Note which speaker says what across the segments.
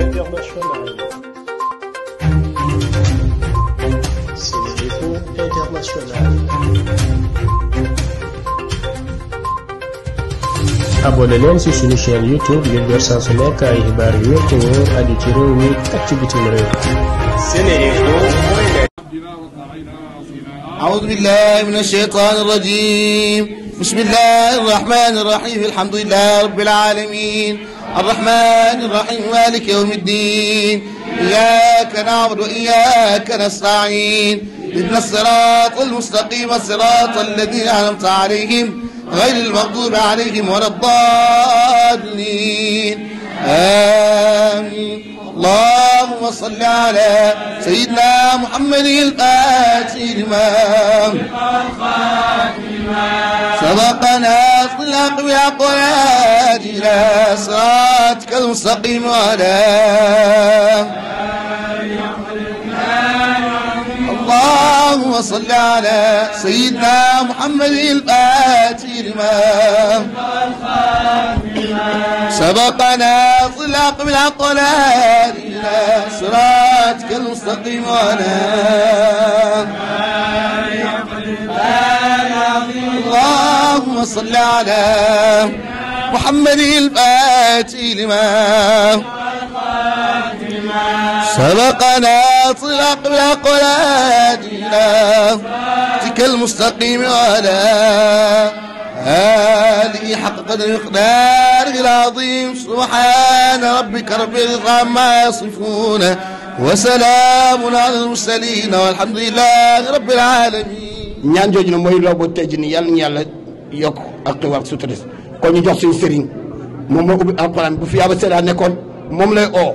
Speaker 1: internationale. C'est l'info internationale.
Speaker 2: abonné leen ci suñu chaîne YouTube ngir jot saa su nekk ay xibaar yu wér te wóor aju ci réew mi ak ci bitim réew.
Speaker 3: أعوذ بالله من الشيطان الرجيم بسم الله الرحمن الرحيم الحمد لله رب العالمين الرحمن الرحيم مالك يوم الدين إياك نعبد وإياك نستعين اهدنا الصراط المستقيم صراط الذين أنعمت عليهم غير المغضوب عليهم ولا الضالين آمين اللهم صل على سيدنا محمد الفاتح الإمام سبقنا اطلاق بأقوات إلى صراطك المستقيم وعلى اللهم صل على سيدنا محمد الفاتح الإمام سبقنا طلاق بالعقلان إلى صراطك المستقيم وعلى اللهم صل على محمد الفاتح الإمام سبقنا طلق الأقلاد إلى تلك المستقيم على هذه حق قدر مقدار العظيم سبحان ربك رب العزة عما يصفون وسلام على المرسلين والحمد لله رب العالمين ñaan jooju
Speaker 4: na mooy loobu tey jii nii yàlla na yàlla yokk ak xiwaar sutura kon ñu jox suñu sëriñ moom moo ubbi alxuraan bu fi Yaba Seydou nekkoon moom lay oo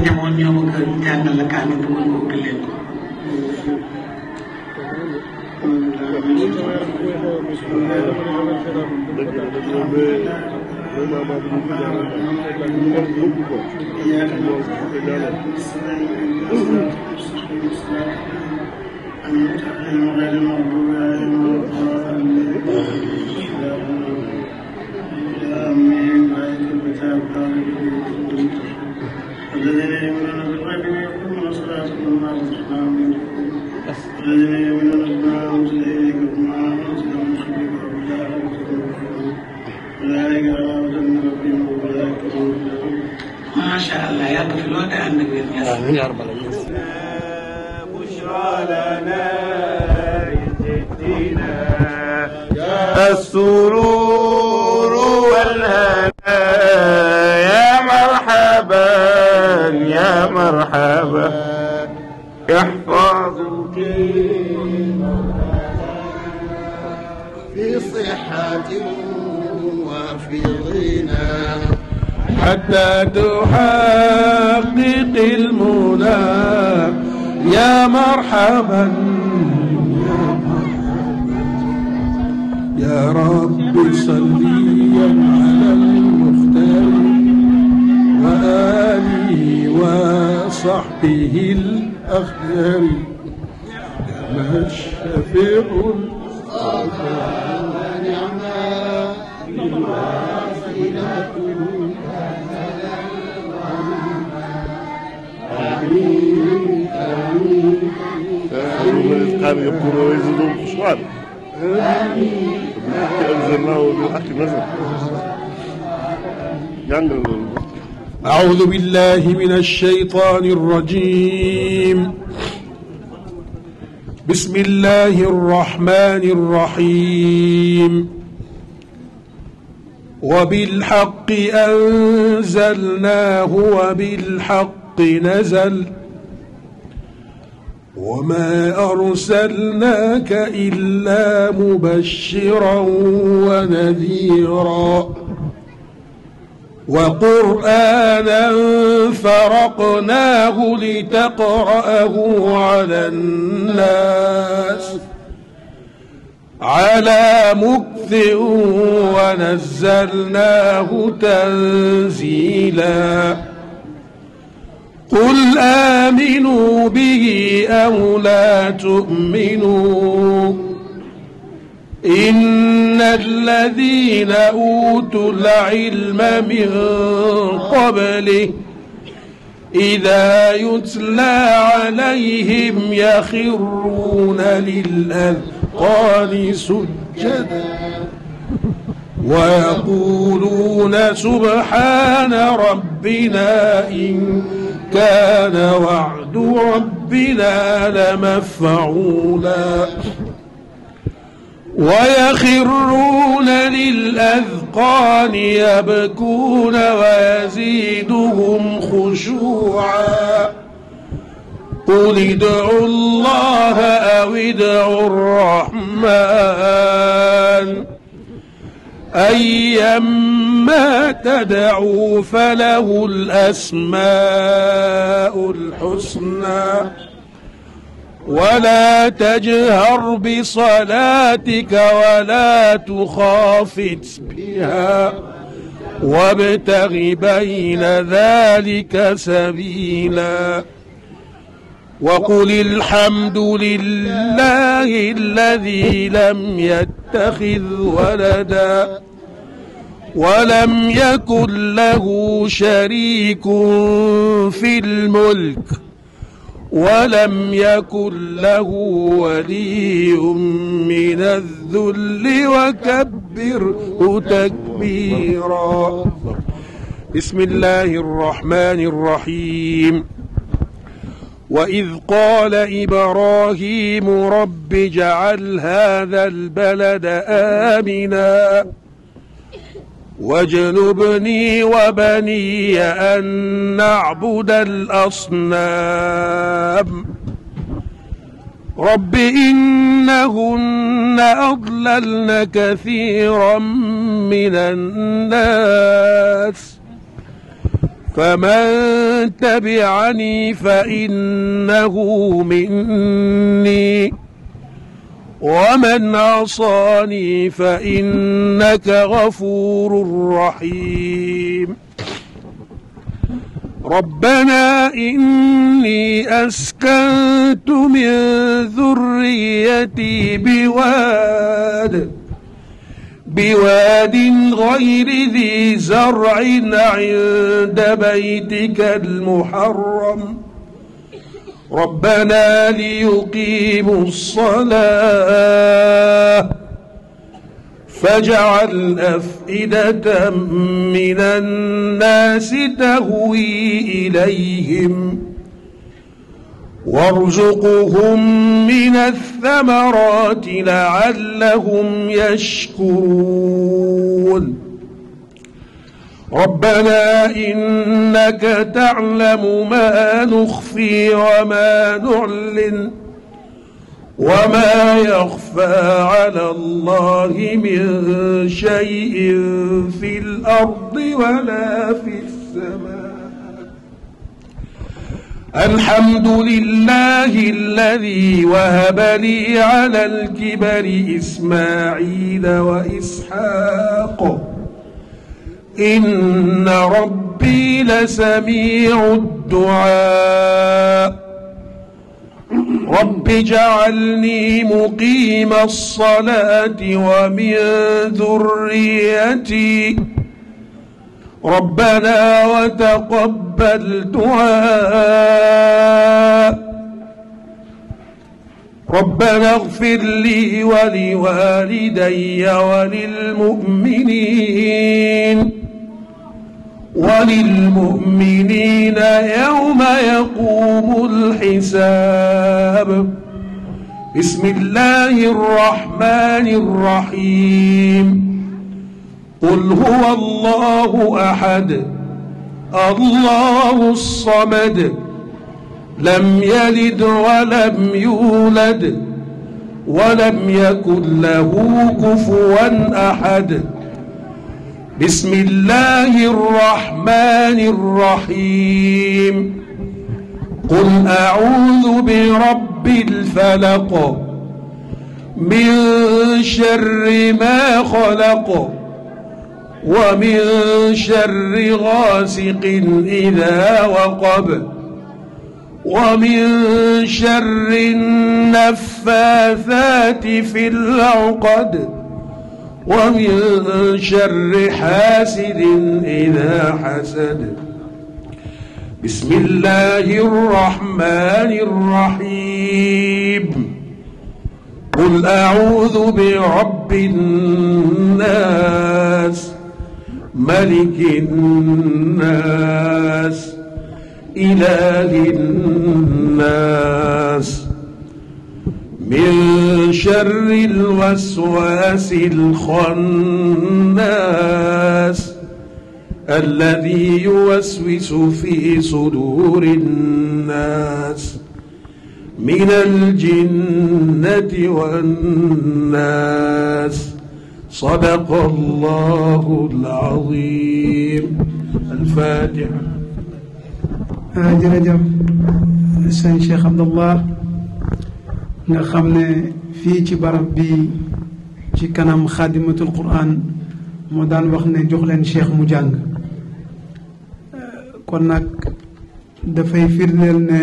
Speaker 4: ñamoon ñoo bëgg a jàngal la kaamil bëggoon ko ubbil leen ko. Amin.
Speaker 1: الذين يؤمنون بالغيب ويقيمون الصلاة ومما رزقناهم ينفقون الذين يؤمنون بما أنزل إليك وما أنزل من قبلك وبالآخرة هم يوقنون أولئك على هدى من ربهم وأولئك هم المهتدون ما شاء الله
Speaker 3: يا بطل وأنت عندك آمين يا رب العالمين تحفظك في صحة
Speaker 1: وفي غنى
Speaker 2: حتى تحقق المنى يا مرحبا يا رب صليا على المختار وآله وصحبه الكريم ما الشفيع المصطفى
Speaker 1: ونعم بواسطته نزلا آمين آمين آمين يبكون ويزيدون خشوعا آمين أنزلناه بالحق
Speaker 2: نزل يعمل أعوذ بالله من الشيطان الرجيم بسم الله الرحمن الرحيم وبالحق أنزلناه وبالحق نزل وما أرسلناك إلا مبشرا ونذيرا وقرآنا فرقناه لتقرأه على الناس على مكث ونزلناه تنزيلا قل آمنوا به أو لا تؤمنوا إن الذين أوتوا العلم من قبله إذا يتلى عليهم يخرون للأذقان سجدا ويقولون سبحان ربنا إن كان وعد ربنا لمفعولا ويخرون للأذقان يبكون ويزيدهم خشوعا قل ادعوا الله أو ادعوا الرحمن أيما تدعوا فله الأسماء الحسنى ولا تجهر بصلاتك ولا تخافت بها وابتغ بين ذلك سبيلا وقل الحمد لله الذي لم يتخذ ولدا ولم يكن له شريك في الملك ولم يكن له ولي من الذل وكبره تكبيرا بسم الله الرحمن الرحيم وإذ قال إبراهيم رب اجعل هذا البلد آمناً واجنبني وبني أن نعبد الأصنام رب إنهن أضللن كثيرا من الناس فمن تبعني فإنه مني ومن عصاني فإنك غفور رحيم ربنا إني أسكنت من ذريتي بواد بواد غير ذي زرع عند بيتك المحرم ربنا ليقيموا الصلاة فاجعل أفئدة من الناس تهوي إليهم وارزقهم من الثمرات لعلهم يشكرون ربنا إنك تعلم ما نخفي وما نعلن وما يخفى على الله من شيء في الأرض ولا في السماء الحمد لله الذي وهب لي على الكبر إسماعيل وإسحاق إن ربي لسميع الدعاء رب اجعلني مقيم الصلاة ومن ذريتي ربنا وتقبل دعاء ربنا اغفر لي ولوالدي وللمؤمنين وللمؤمنين يوم يقوم الحساب بسم الله الرحمن الرحيم قل هو الله احد الله الصمد لم يلد ولم يولد ولم يكن له كفوا احد بسم الله الرحمن الرحيم قل أعوذ برب الفلق من شر ما خلق ومن شر غاسق إذا وقب ومن شر النفاثات في العقد ومن شر حاسد إذا حسد بسم الله الرحمن الرحيم قل أعوذ برب الناس ملك الناس إله الناس من شر الوسواس الخناس الذي يوسوس في صدور الناس من الجنة والناس صدق الله العظيم الفاتحة
Speaker 5: jërëjëf sëñ Cheikh Abdallah nga xam ne fii ci barab bi ci kanam xaadimatul quran moo daan wax ne jox leen cheikh mu jàng kon nag dafay firndeel ne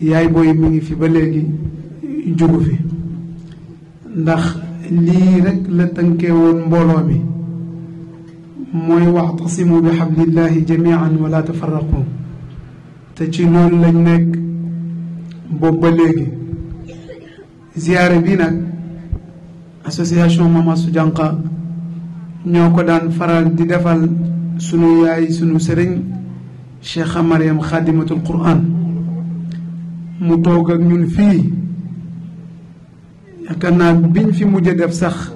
Speaker 5: yaay booy mi ngi fi ba léegi jugu fi ndax lii rekk la tënkee mbooloo bi mooy waxtasimu bi xablillahi jamian wala tafarraqu te ci loolu lañ nekk boobu ba léegi ziyaare bi nag association mamasu Soodianka ñoo ko daan faral di defal sunu yaay sunu sëriñ Cheikha Mariam Xaadimatul Quran mu toog ak ñun fii yaakaar naa biñ fi mujj def sax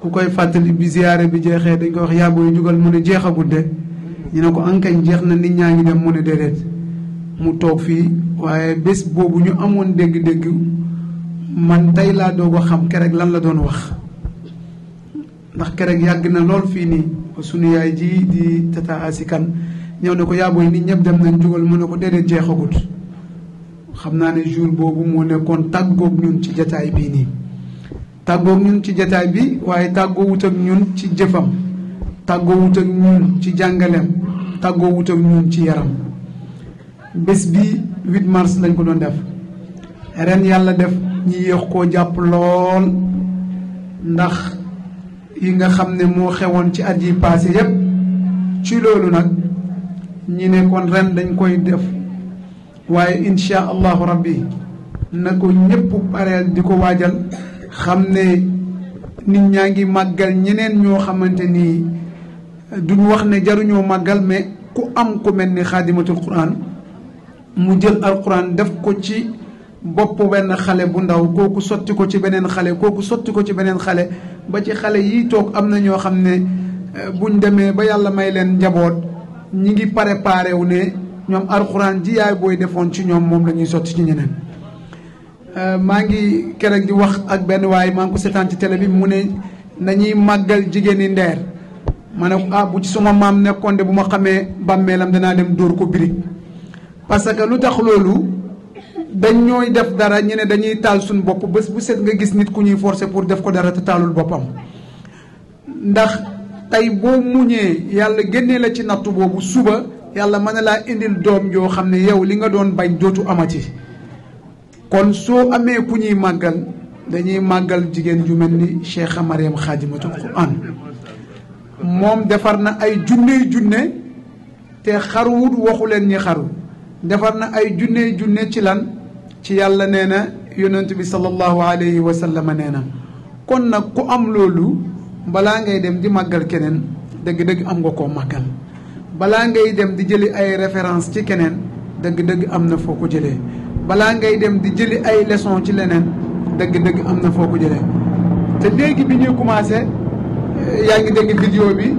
Speaker 5: ku koy fàttali bi ziyaare bi jeexee dañ koy wax yàbbu yu jugal mu ne jeexagut de ñu ne ko ankañ jeex na nit ñaa ngi dem mu ne déedéet mu toog fii waaye bés boobu ñu amoon dégg-dégg man tey laa doog a xam kerek lan la doon wax ndax kerek yàgg na lool fii nii sunu yaay ji di tata asikan ñëw ne ko yaaboy nit ñëpp dem nañ jugal mu ne ko déedéet jeexagut xam naa ne jour boobu moo nekkoon tàggoog ñun ci jataay bii nii tàggoog ñun ci jataay bi waaye tàggoowut ak ñun ci jëfam tàggoowut ak ñun ci jàngaleem tàggoowut ak ñun ci yaram bés bi 8 mars lañ ko doon def ren yàlla def ñi yéex koo jàpp lool ndax yi nga xam ne moo xewoon ci at yi passé yépp ci loolu nag ñi ne kon ren dañ koy def waaye insha allahu rabbi na ko ñépp pareel di ko waajal xam ne nit ñaa ngi màggal ñeneen ñoo xamante nii duñ wax ne jaruñoo màggal mais ku am ku mel ni xaadimatul quran mu jël alquran def ko ci bopp benn xale bu ndaw kooku sotti ko ci beneen xale kooku sotti ko ci beneen xale ba ci xale yi toog am na ñoo xam ne eh, buñ demee ba yàlla may leen njaboot ñi ngi pare wu ne ñoom alxuraan ji yaay booy defoon ci ñoom moom la ñuy sotti ci ñeneen. Eh, maa ngi keroog di wax ak benn waaye maa ngi ko seetaan ci télé bi mu ne nañuy màggal jigéen ñi ndeer ma ne ah bu ci suma maam nekkoon de bu ma xamee bàmmeelam danaa dem dóor ko birig parce que lu tax loolu. dañ ñooy def dara ñu dañuy taal suñu bopp bés bu set nga gis nit ku ñuy forcer pour def ko dara te taalul boppam ndax tey boo muñee yàlla génnee la ci nattu boobu suba yàlla mën na laa indil doom yoo xam ne yow li nga doon bañ dootu amati kon soo amee ku ñuy màggal dañuy màggal jigéen ju mel ni Cheikha Mariam Xaadimatul Quran moom defar na ay junney junne te xaruwut waxu leen ñi xaru defar na ay junney junne ci lan ci yàlla nee na yonent bi sallallahu alayhi wa sallam nee na kon nag ku am loolu balaa ngay dem di màggal keneen dëgg-dëgg am nga koo màggal balaa ngay dem di jëli ay référence ci keneen dëgg-dëgg am na foo ko jëlee balaa ngay dem di jëli ay leçon ci leneen dëgg-dëgg am na foo ko jëlee te léegi bi ñuy commencé eh, yaa ngi dégg vidéo bi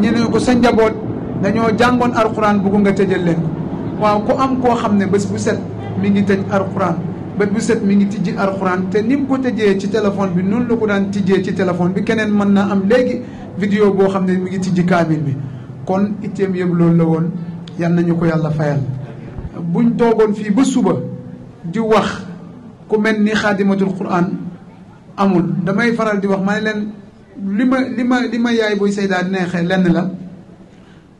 Speaker 5: ñu ne ko sa njaboot dañoo jàngoon alxuraan bugg nga tëjal leen waaw ku am koo xam ne bés bu set mi ngi tëj alxuraan bët bu set mi ngi tijji alxuraan te ni mu ko tëjee ci téléphone bi noonu la ko daan tijjee ci téléphone bi keneen mën naa am léegi vidéo boo xam ne mi ngi tijji kaamil bi kon itteem yëpp loolu la woon yal nañu ko yàlla fayal buñ toogoon fii ba suba di wax ku mel ni xaadimatul quran amul damay faral di wax ma ne leen li ma li ma li ma yaay booy saydaa neexee lenn la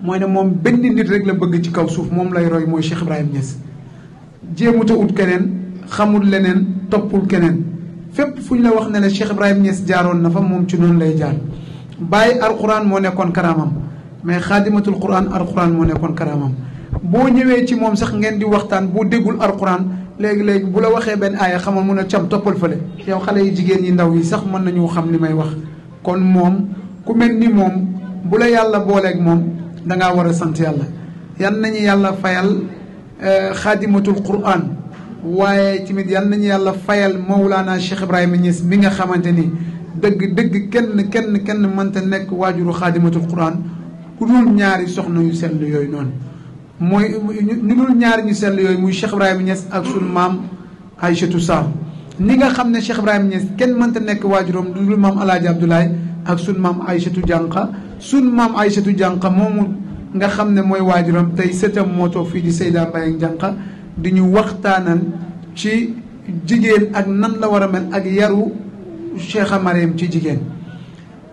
Speaker 5: mooy ne moom benn nit rek la bëgg ci kaw suuf moom lay roy mooy Cheikh Ibrahim Niass jéemut ut keneen xamul leneen toppul keneen fépp fu ñu la wax ne la Cheikh Ibrahim Niass jaaroon na fa moom ci noonu lay jaar bàyyi alquran moo nekkoon karaamam mais xaadimatul quran alquran moo nekkoon karaamam boo ñëwee ci moom sax ngeen di waxtaan boo déggul alquran léegi-léegi bu la waxee benn aaya xamal mun a cam toppal fële yow xale yi jigéen yi ndaw yi sax mën nañu xam li may wax kon moom ku mel ni moom bu la yàlla booleek moom dangaa war a sant yàlla fayal xaadimatul euh, quran waaye tamit yal nañu yàlla fayal laa Mawlana Cheikh Ibrahima Niass bi nga xamante ni dëgg dëgg kenn kenn kenn mënta nekk waajuru xaadimatul quran ku dul ñaari soxna yu sell yooyu noonu mooy ñu dul ñaari ñu sell yooyu muy Cheikh Ibrahima Niass ak sunu maam Aïchatou Sarr ni nga xam ne Cheikh Ibrahima Niass kenn mënta nekk waajuram lu dul maam Alaaji Abdoulaye ak sunu maam Aïchatou Dianka sunu maam Aïchatou Dianka moomu nga xam ne mooy waajuram tey sëtam moo toog fii di Seyda Mbaye ak Diankha di ñu waxtaanal ci jigéen ak nan la war a mel ak yaru Cheikha Mariam ci jigéen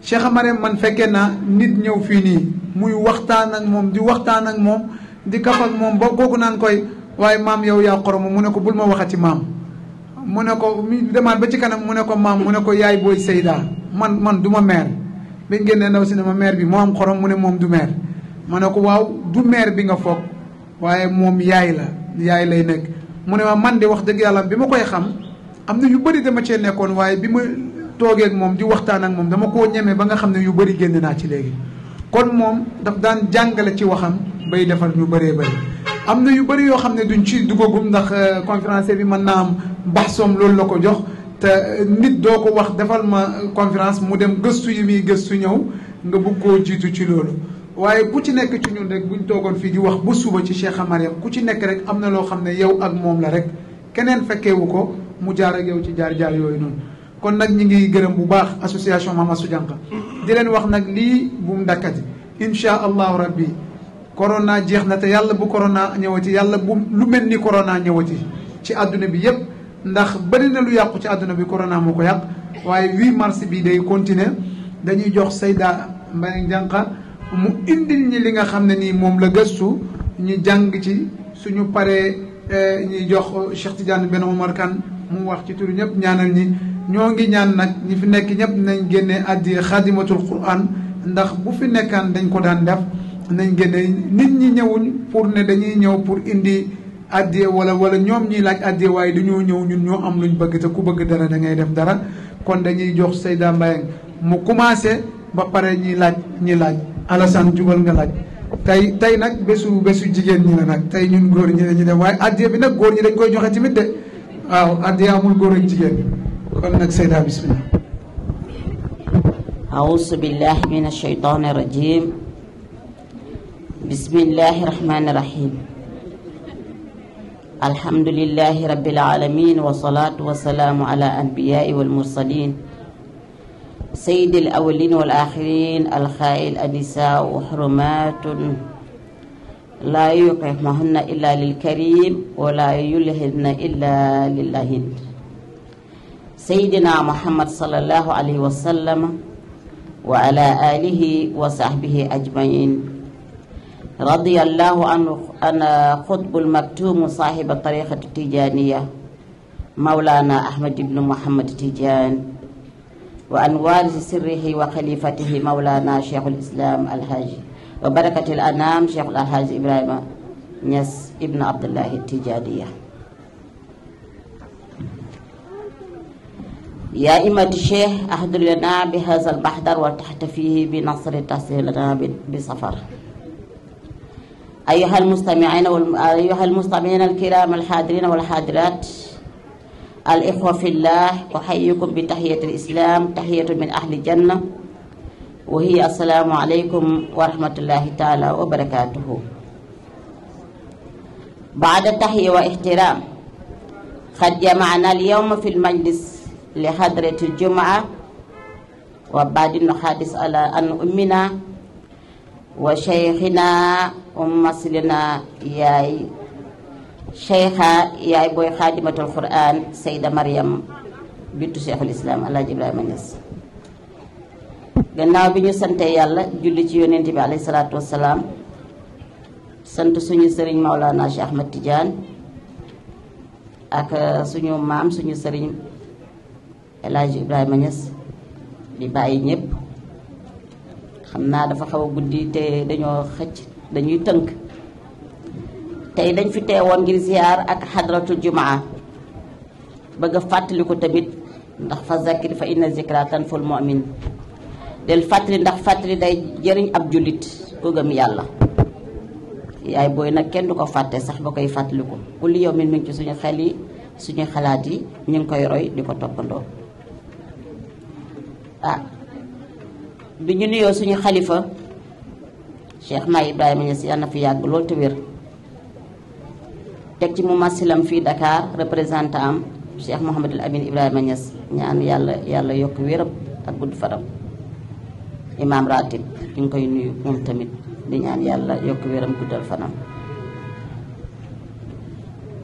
Speaker 5: Cheikha Mariam man fekkee naa nit ñëw fii nii muy waxtaan ak moom di waxtaan ak moom di kaf ak moom ba kooku naan koy waaye maam yow yaa xoromu mu ne ko bul ma waxati maam mu ne ko demaat ba ci kanam mu ne ko maam mu ne ko yaay booy Seyda man man du ma meer bi ngeen ne ndaw si ne ma meer bi moo am xorom mu ne moom du ma ne ko waaw du maire bi nga foog waaye moom yaay la yaay lay nekk mu ne ma man de wax dëgg yàlla bi ma koy xam am na yu bëri dama cee nekkoon waaye bi ma toogeet moom di waxtaan ak moom dama koo ñeme ba nga xam ne yu bëri génn naa ci léegi kon moom daf daan jàngale ci waxam bay defal ñu bëree bëri am na yu bëri yoo xam ne duñ ci dugagum ndax euh, conférencier bi mën naa am mbax soom loolu la ko jox te euh, nit doo ko wax defal ma euh, conférence mu dem gëstu yi gëstu ñëw nga bëgg koo jiitu ci loolu waaye ku ci nekk ci ñun rek ñu toogoon fii di wax bu suba ci Cheikha Mariam ku ci nekk rek am na loo xam ne yow ak moom la rek keneen fekkewu ko mu jaar ak yow ci jaar-jaar yooyu noonu kon nag ñi ngi gërëm bu baax association Mame Astou Diankha di leen wax nag lii bum mu dakkati insha allahu rabbi corona jeex na te yàlla bu corona ñëwati yàlla bu lu mel ni corona ñëwati ci àdduna bi yépp ndax bëri na lu yàqu ci àdduna bi corona moo ko yàq waaye 8 mars bi day continuer dañuy jox Seyda Mbaye Diankha mu indil ñi li nga xam ne nii moom la gëstu ñu jàng ci suñu paree eh, ñuy jox Cheikh Tidiane Ben Omar Kane mu wax ci turu ñëpp ñaanal ñi ñoo ngi ñaan nag ñi fi nekk ñëpp nañ génne addi xadimatul quran ndax bu fi nekkaan dañ ko daan def nañ génne nit ñi ñëwuñ pour ne dañuy ñëw pour indi addiye wala wala ñoom ñiy laaj addiye waaye dañoo ñëw ñun ñoo am luñ bëgg te ku bëgg dara da ngay def dara kon dañuy jox Seyda Mbayang mu commencé ba pare ñi laaj ñi laaj Alassane jugal nga laaj tey tey nag bésu bésu jigéen ñi la nag tey ñun góor ñi la ñu def waaye addiya bi nag góor ñi dañ koy joxe tamit de waaw addiya amul góor ak jigéen kon nag Seyda bismillah
Speaker 6: أعوذ بالله من الشيطان الرجيم بسم الله الرحمن الرحيم الحمد لله رب العالمين والصلاة والسلام على أنبياء والمرسلين سيد الأولين والآخرين الخائل النساء وحرمات لا يقيمهن إلا للكريم ولا يلهن إلا للهند سيدنا محمد صلى الله عليه وسلم وعلى آله وصحبه أجمعين رضي الله عنه أنا خطب المكتوم صاحب الطريقة التجانية مولانا أحمد بن محمد تجان wa an waarisi sirrihi wa xalifatihi mawlana cheikhul islam alhaji wa barakatil anam cheikhul alhaji ibrahima ñas ibnu abdullahi tijaniya يا إمة الشيخ أحد لنا بهذا البحر وارتحت فيه بنصر تصل لنا بسفر أيها المستمعين وال... أيها المستمعين الكرام الحاضرين والحاضرات al ixwa fillah uxayyikum bi taxiyatil islam taxiyatu min ahli janna wa hiya assalaamu aleykum wa rahmatullahi taala wa barakatuhu baada taxiya wa ixtiraam qad jamaana al yowma fi lmajlis li xadrati ljumaa wa baadi nuxaadis ala an ummina wa cheikhina ummaslina yaay cheikha yaay booy xaadimatul quran sayda mariam bintu cheikhul islam alaaji ibrahima Niass gannaaw bi ñu sante yàlla julli ci yonent bi alayhi salaatu wassalaam sant suñu sëriñ Maolana Cheikh Ahmad Tidiane ak uh, suñu maam suñu sëriñ El Hadj a Niass di bàyyi ñëpp xam naa dafa xaw a guddi te dañoo xëcc dañuy tënk tey dañ fi woon ngir ziar ak xadratul jumaa bëgg a fàttali ko tamit ndax fa zakir fa inna zikra tanful mu'min del fàttali ndax fàttali day jëriñ ab jullit ku gëm yàlla yaay booy nag kenn du ko fàtte sax ba koy fàttaliku kulli yow mi ngi ci suñu xel yi suñu xalaat yi ñu ngi koy roy di ko toppandoo ah bi ñu nuyoo suñu xalifa Cheikh Mahi Ibrahima si yàlla na fi yàgg lool te wér teg ci mu masilam fii Dakar représentant am Cheikh Mouhamadul Amin Ibrahima Niass ñaan yàlla yàlla yokk wéram ak gudd faram imaam ratib ñu ngi koy nuyu moom tamit di ñaan yàlla yokk wéram guddal fanam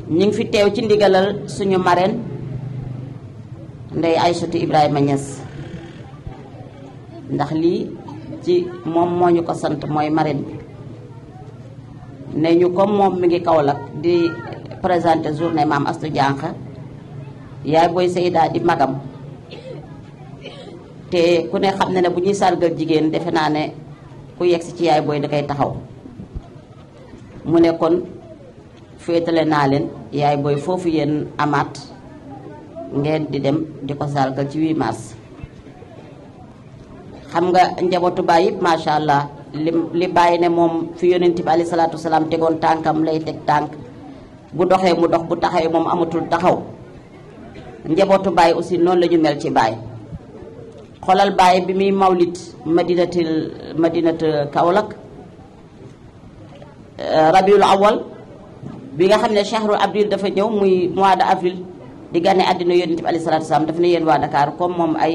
Speaker 6: ñu ngi fi teew ci ndigalal suñu marraine ndey Aysatu Ibrahima Niass ndax lii ci moom moo ñu ko sant mooy marraine bi ne ñu comme moom mi ngi Kaolack di présenter journée maam Astou Diankh yaay booy Seyda di magam te ku ne xam ne ne bu ñuy sargal jigéen defe naa ne ku yegsi ci yaay booy da koy taxaw mu ne kon féetale naa leen yaay booy foofu yéen amaat ngeen di dem di ko sargal ci 8 mars xam nga njabootu baay yëpp macha allah. li li bàyyi ne moom fi yonent bi alayhi salaatu salaam tegoon tànkam lay teg tànk bu doxee mu dox bu taxawee moom amatul taxaw njabootu baay aussi noonu la ñu mel ci baay xolal baay bi muy mawlit madinatil madinat Kaolack euh, rabiul awal bi nga xam ne chahru avril dafa ñëw muy mois de avril di gane àddina yonent bi alayhi salaatu salaam daf ne yéen waa Dakar comme moom ay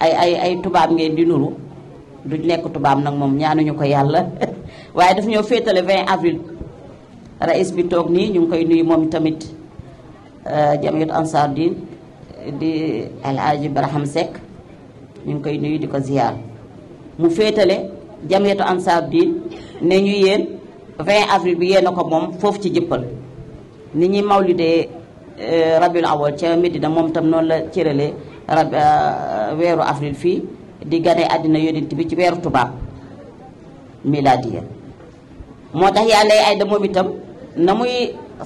Speaker 6: ay ay ay tubaab ngeen di nuru du nekk tubaab nag moom ñaanuñu ko yàlla waaye daf ñoo féetale 20 avril rais bi toog nii ñu ngi koy nuyu moom tamit euh, jamiyat ansar din di alhaji Barham Seck ñu ngi koy nuyu di ko ziyaar mu féetale jamiyatu ansar din ne ñu yéen 20 avril bi yéen a ko moom foofu ci jëppal ni ñuy mawlidee euh, rabiul awal ca Medina moom tam noonu la cërale rab euh, weeru avril fii di gane àddina yonent bi ci weeru tubaab milaadiya moo tax yàlla ay da moom itam na muy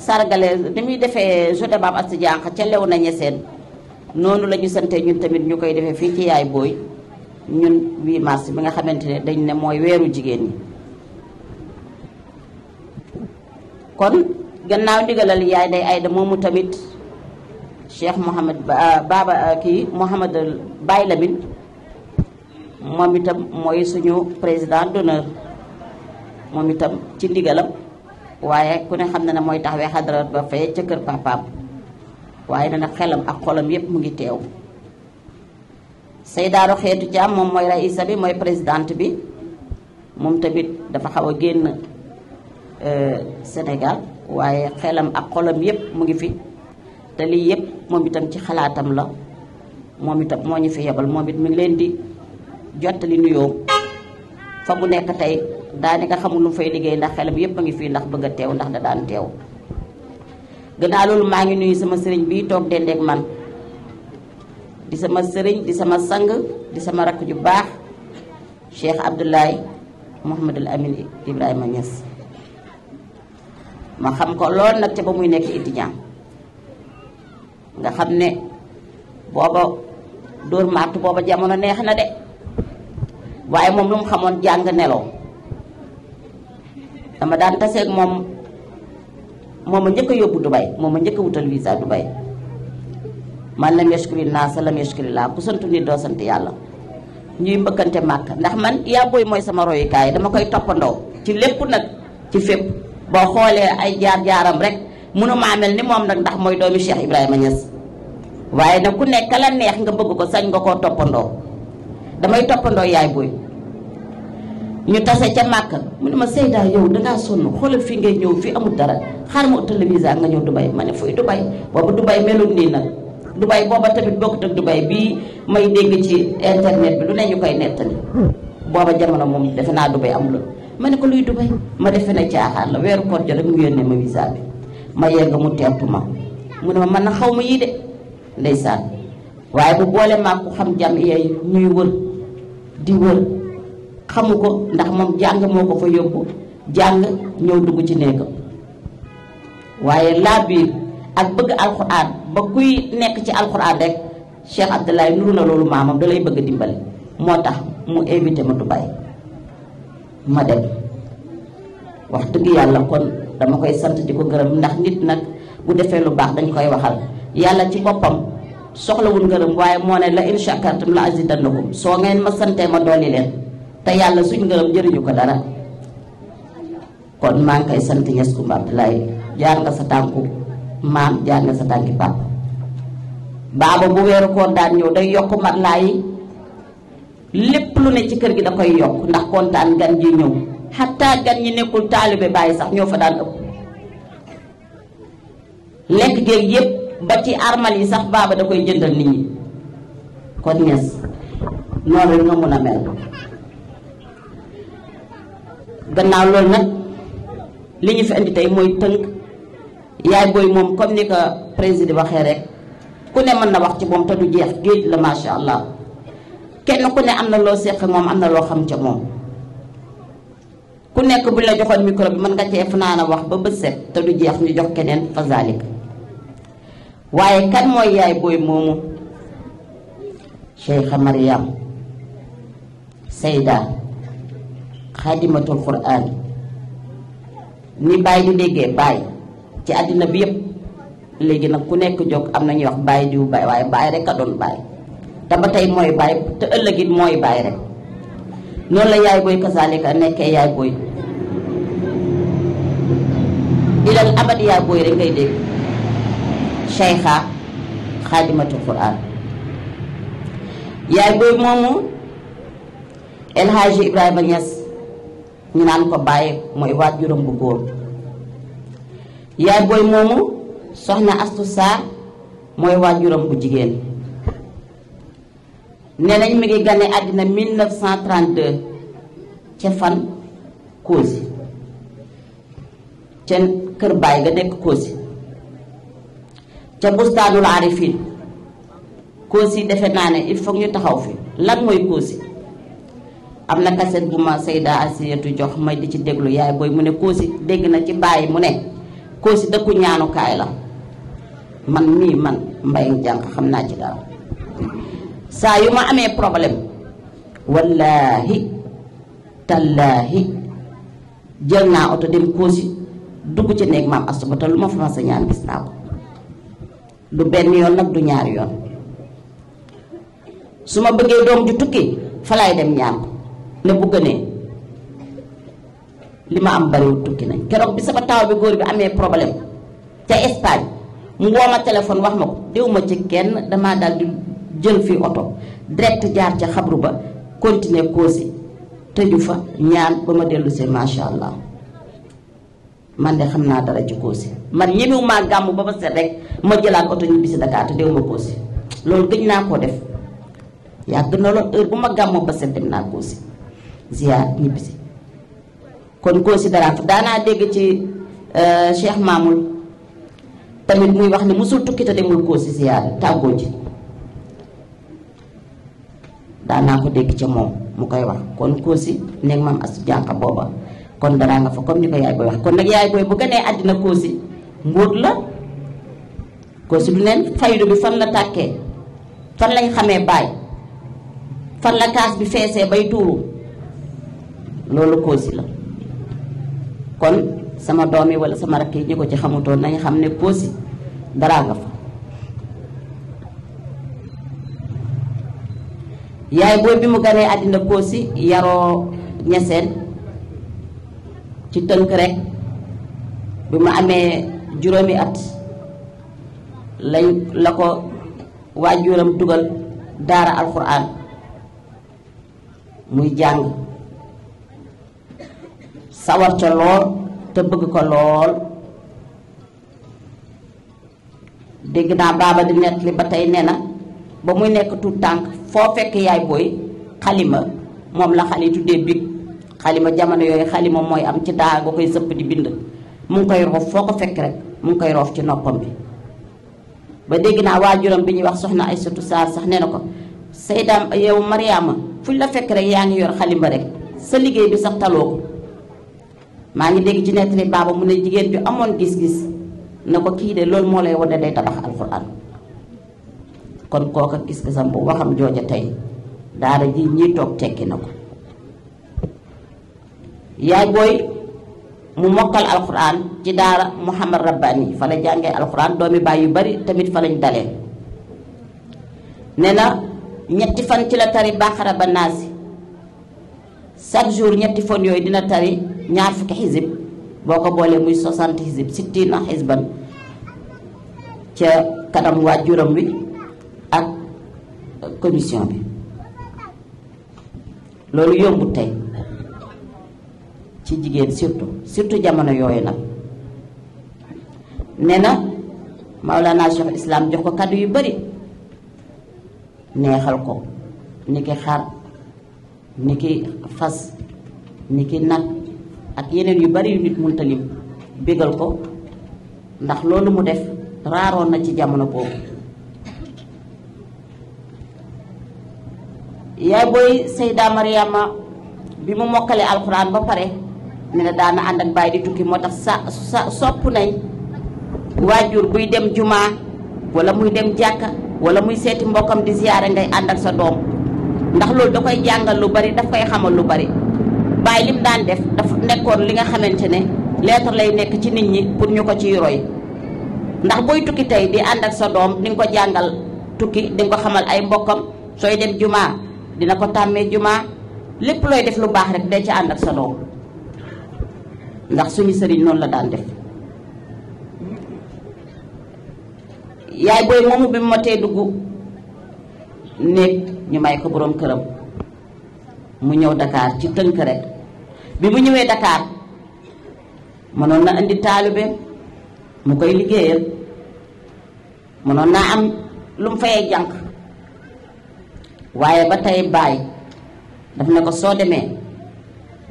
Speaker 6: sargale ni muy defee jote maam Asta Diankha ca lew na ñeseen noonu la ñu sante ñun tamit ñu koy defee fii ci yaay booy ñun 8 mars bi nga xamante ne dañ ne mooy weeru jigéen ñi kon gannaaw ndigalal yaay day ayda moomu tamit Cheikh Mouhamad Baba kii Mouhamad Baye Lamine moom itam mooy suñu président d'honneur moom itam ci ndigalam waaye ku ne xam na ne mooy tax xadara ba fee ca kër papaam waaye nag xelam ak xolam yépp mu ngi teew Seydaaro xeetu Thiam moom mooy raïsa bi mooy présidente bi moom tamit dafa xaw a génn euh, senegal waaye xelam ak xolam yépp mu ngi fi te lii yépp moom itam ci xalaatam la moom itam moo ñu fi yebal moom it mi ngi leen di jottali nuyoo fa mu nekk tey nga xamul lu fay liggéey ndax xelam yépp a ngi fii ndax bëgg a teew ndax da daan teew gannaaw maa ngi nuyu sama sëriñ bi toog dendeeg man di sama sëriñ di sama sang di sama rakk ju baax Cheikh Abdoulaye Mouhamadul Amin Ibrahima Niass ma xam ko lool nag ca ba muy nekk étudiant nga xam ne booba dóor matt booba jamono neex na de waaye moom lu mu xamoon jàng nelaw dama daan taseeg moom moom a njëkk yóbbu yóbbu bay moom a njëkk wutal wutal visa bay man la lam yashkuri naasa la yashkuri laa ku santu nit doo sant yàlla ñuy mbëkkante màkk ndax man yaa booy mooy sama royukaay dama koy toppandoo ci lépp nag ci fépp boo xoolee ay jaar-jaaram rek mënumaa mel ni moom nag ndax mooy doomi Cheikh Ibrahima Niass waaye nag ku nekk la neex nga bëgg ko sañ nga koo toppandoo damay toppandoo yaay booy ñu tase ca màkk mu ne ma Seyda yow dangaa sonn xoolal fii ngay ñëw fii amul dara xaar ma utal la visa nga ñëw Dubai ma ne fuy Dubai boobu Dubai melul nii nag Dubai booba tamit bokkut ak Dubai bii may dégg ci internet bi lu ne ñu koy nettali booba jamono moom defe naa Dubai amul ma ne ko luy Dubai ma defe ne caaxaan la weeru koor rek mu yónnee ma visa bi ma yegg mu teertu ma mu ne ma man na xaw ma yii de ndeysaan waaye boole maa ko xam jàmm yooyu ñuy wër di xamu ko ndax moom jàng moo ko fa yóbbu jàng ñëw dugg ci néegam waaye laa biir ak bëgg alxuraan ba kuy nekk ci alxuraan rek Cheikh Abdoulaye nuru na loolu maamam da lay bëgg dimbali moo tax mu invité ma Dubaï ma dem wax dëgg yàlla kon dama koy sant di ko gërëm ndax nit nag bu defee lu baax dañ koy waxal yàlla ci boppam soxlawul ngërëm waaye moo ne la in shakartum la azidannakum soo ngeen ma santee ma dolli leen te yàlla suñ ngërëm jëriñu ko dara kon maa ngi koy sant Niass Coumba Abdoulaye jaar nga sa tànku maam jaar nga sa tànki papa baaba bu weeru koor daan ñëw day yokk mat yi lépp lu ne ci kër gi da koy yokk ndax kontaan gan ji ñëw xataa gan ñi nekkul taalibe bàyyi sax ñoo fa daan ëpp lekk géeg yépp ba ci armal yi sax baaba da koy jëndal nit ñi kon ñes noonu rek nga mun a mel gannaaw loolu nag li ñu fi indi tey mooy tënk yaay booy moom comme ni ko président waxee rek ku ne mën na wax ci moom te du jeex géej la macha allah kenn ku ne am na loo seq moom am na loo xam ca moom ku nekk bu la joxoon micro bi mën nga cee fanaana wax ba bët set te du jeex ñu jox keneen fa zalik waaye kan mooy yaay booy moomu Cheikha Mariam Sayda xaadimatul Qur'an ni bàyyi di déggee bàyyi ci àddina bi yépp léegi nag ku nekk jóg am na ñuy wax bàyyi diw bàyyi waaye bàyyi rek a doon bàyyi te ba tey mooy bàyyi te ëllëg it mooy bàyyi rek noonu la yaay booy kasaalika nekkee yaay booy ilal abad yaay booy rek ngay dégg Cheikha xaadimatul Qur'an yaay boobu moomu El Hadji Ibrahima Niass ñu naan ko bàyyi mooy waajuram bu góor yaay booy moomu soxna Astu Saar mooy waajuram bu jigéen ne nañ mi ngi gane àddina 1932 ca fan Kosi ca kër baay nga nekk Kosi ca bustaanul arifin Kossy defe naa ne il faut ñu taxaw fi lan mooy Kossy am na kaset bu ma Seyda Asiyatu jox may di ci déglu yaay booy mu ne Kossy dégg na ci bàyyi mu ne Kossy dëkku ñaanukaay la man mii man mbay jànq xam naa ci daaw saa yu ma amee problème wallaahi tallaahi jël naa oto dem Kossy dugg ci néeg maam astuba te lu ma fa sa ñaan gis naa ko du benn yoon nag du ñaar yoon su ma bëggee doom ju tukki fa laay dem ñaan ko ne bu gënee li ma am bariwul tukki nañ keroog bi sama taaw bi góor bi amee problème ca Espagne mu woo ma téléphone wax ma ko déw ma ci kenn damaa dal di jël fii oto direct jaar ca xabru ba continuer koosi tëju fa ñaan ba ma dellu see macha allah. man de xam naa dara ci Kossy man ñemewu maa gàmm ba ba set rek ma jëlaat oto ñibbi si Dakar te dew loolu gëj naa koo def yàgg na lool heure bu ma gàmmoo ba set dem naa Kossy ziar ñibbi kon Kossy dara fa daanaa dégg ci euh, Cheikh Mamoul tamit muy wax ne mësul tukki a demul Kossy ziar tàggoo ji daanaa ko dégg ca moom mu koy wax kon Kossy nekk maam asu jànq booba kon dara nga fa comme ni ko yaay booy wax kon nag yaay booy bu gënee àddina koosi ngóot la koosi du neen faydu bi fan la tàkkee fan lañ xamee baay fan la kaas bi feesee bay tuuru loolu koosi la kon sama doom yi wala sama rakk yi ñi ko ci xamutoon nañ xam ne koosi dara nga fa yaay booy bi mu gënee àddina koosi yaroo ñeseen ci tënk rek bi mu amee juróomi at lañ la ko waajuram dugal daara alxuraan muy jàng sawar ca lool te bëgg ko lool dégg naa baaba di nett ba tey nee na ba muy nekk tuut tànk foo fekk yaay booy xalima moom la xale yi tuddee big xalima jamono yooyu xalima mooy am ci daa nga koy sëpp di bind mun ngi koy roof foo ko fekk rek mu ngi koy roof ci noppam bi ba dégg naa waajuram bi ñuy wax soxna Aysatu Saar sax nee na ko Seydaam yow Mariama fuñ la fekk rek yaa ngi yor xalima rek sa liggéey bi sax taloo ko maa ngi dégg ci nettali baaba mu ne jigéen bi amoon gis-gis na ko kii de loolu moo lay wane day tabax alxuraan kon kooka gis-gisam bu waxam jooja tey daa ji ñiy toog tekki na ko yaay booy mu mokkal alxuraan ci daara Muhammad Rabbani fa la jàngee alxuraan doomi baay yu bari tamit fa lañ dalee ne na ñetti fan ci la tari baaxara ba naasi jour ñetti fan yooyu dina tari ñaar fukki xisib boo ko boolee muy 60 xisib sittina xisban ca kanam waajuram wi ak commission bi loolu yombut tey ci jigéen surtout surtout jamono yooyu nag ne na Maolana Cheikh Islam jox ko kàddu yu bari neexal ko ni ki xar ni ki fas ni ki nag ak yeneen yu bari yu nit munta bégal ko ndax loolu mu def raaroon na ci jamono boobu yaay booy Seyda Mariama bi mu mokkalee alxuraan ba pare mu ne daana ànd ak bàyyi di tukki moo tax sa sa sopp nañ waajur buy dem jumaa wala muy dem jàkka wala muy seeti mbokkam di ziyaare ngay ànd ak sa doom ndax loolu da koy jàngal lu bari daf koy xamal lu bari bàyyi lim daan def daf nekkoon li nga xamante ne lettre lay nekk ci nit ñi pour ñu ko ciy roy ndax booy tukki tey di ànd ak sa doom di nga ko jàngal tukki di nga ko xamal ay mbokkam sooy dem jumaa dina ko tàmmee jumaa lépp looy def lu baax rek day ci ànd ak sa doom ndax suñu sëriñ noonu la daan def yaay booy moomu bi mu ma tee dugg néeg ñu may ko boroom këram mu ñëw dakaar ci tënk rek bi mu ñëwee Dakar mënoon na indi taalibe mu koy liggéeyal mënoon naa am lu mu fayee jànq waaye ba tey baay daf na ko soo demee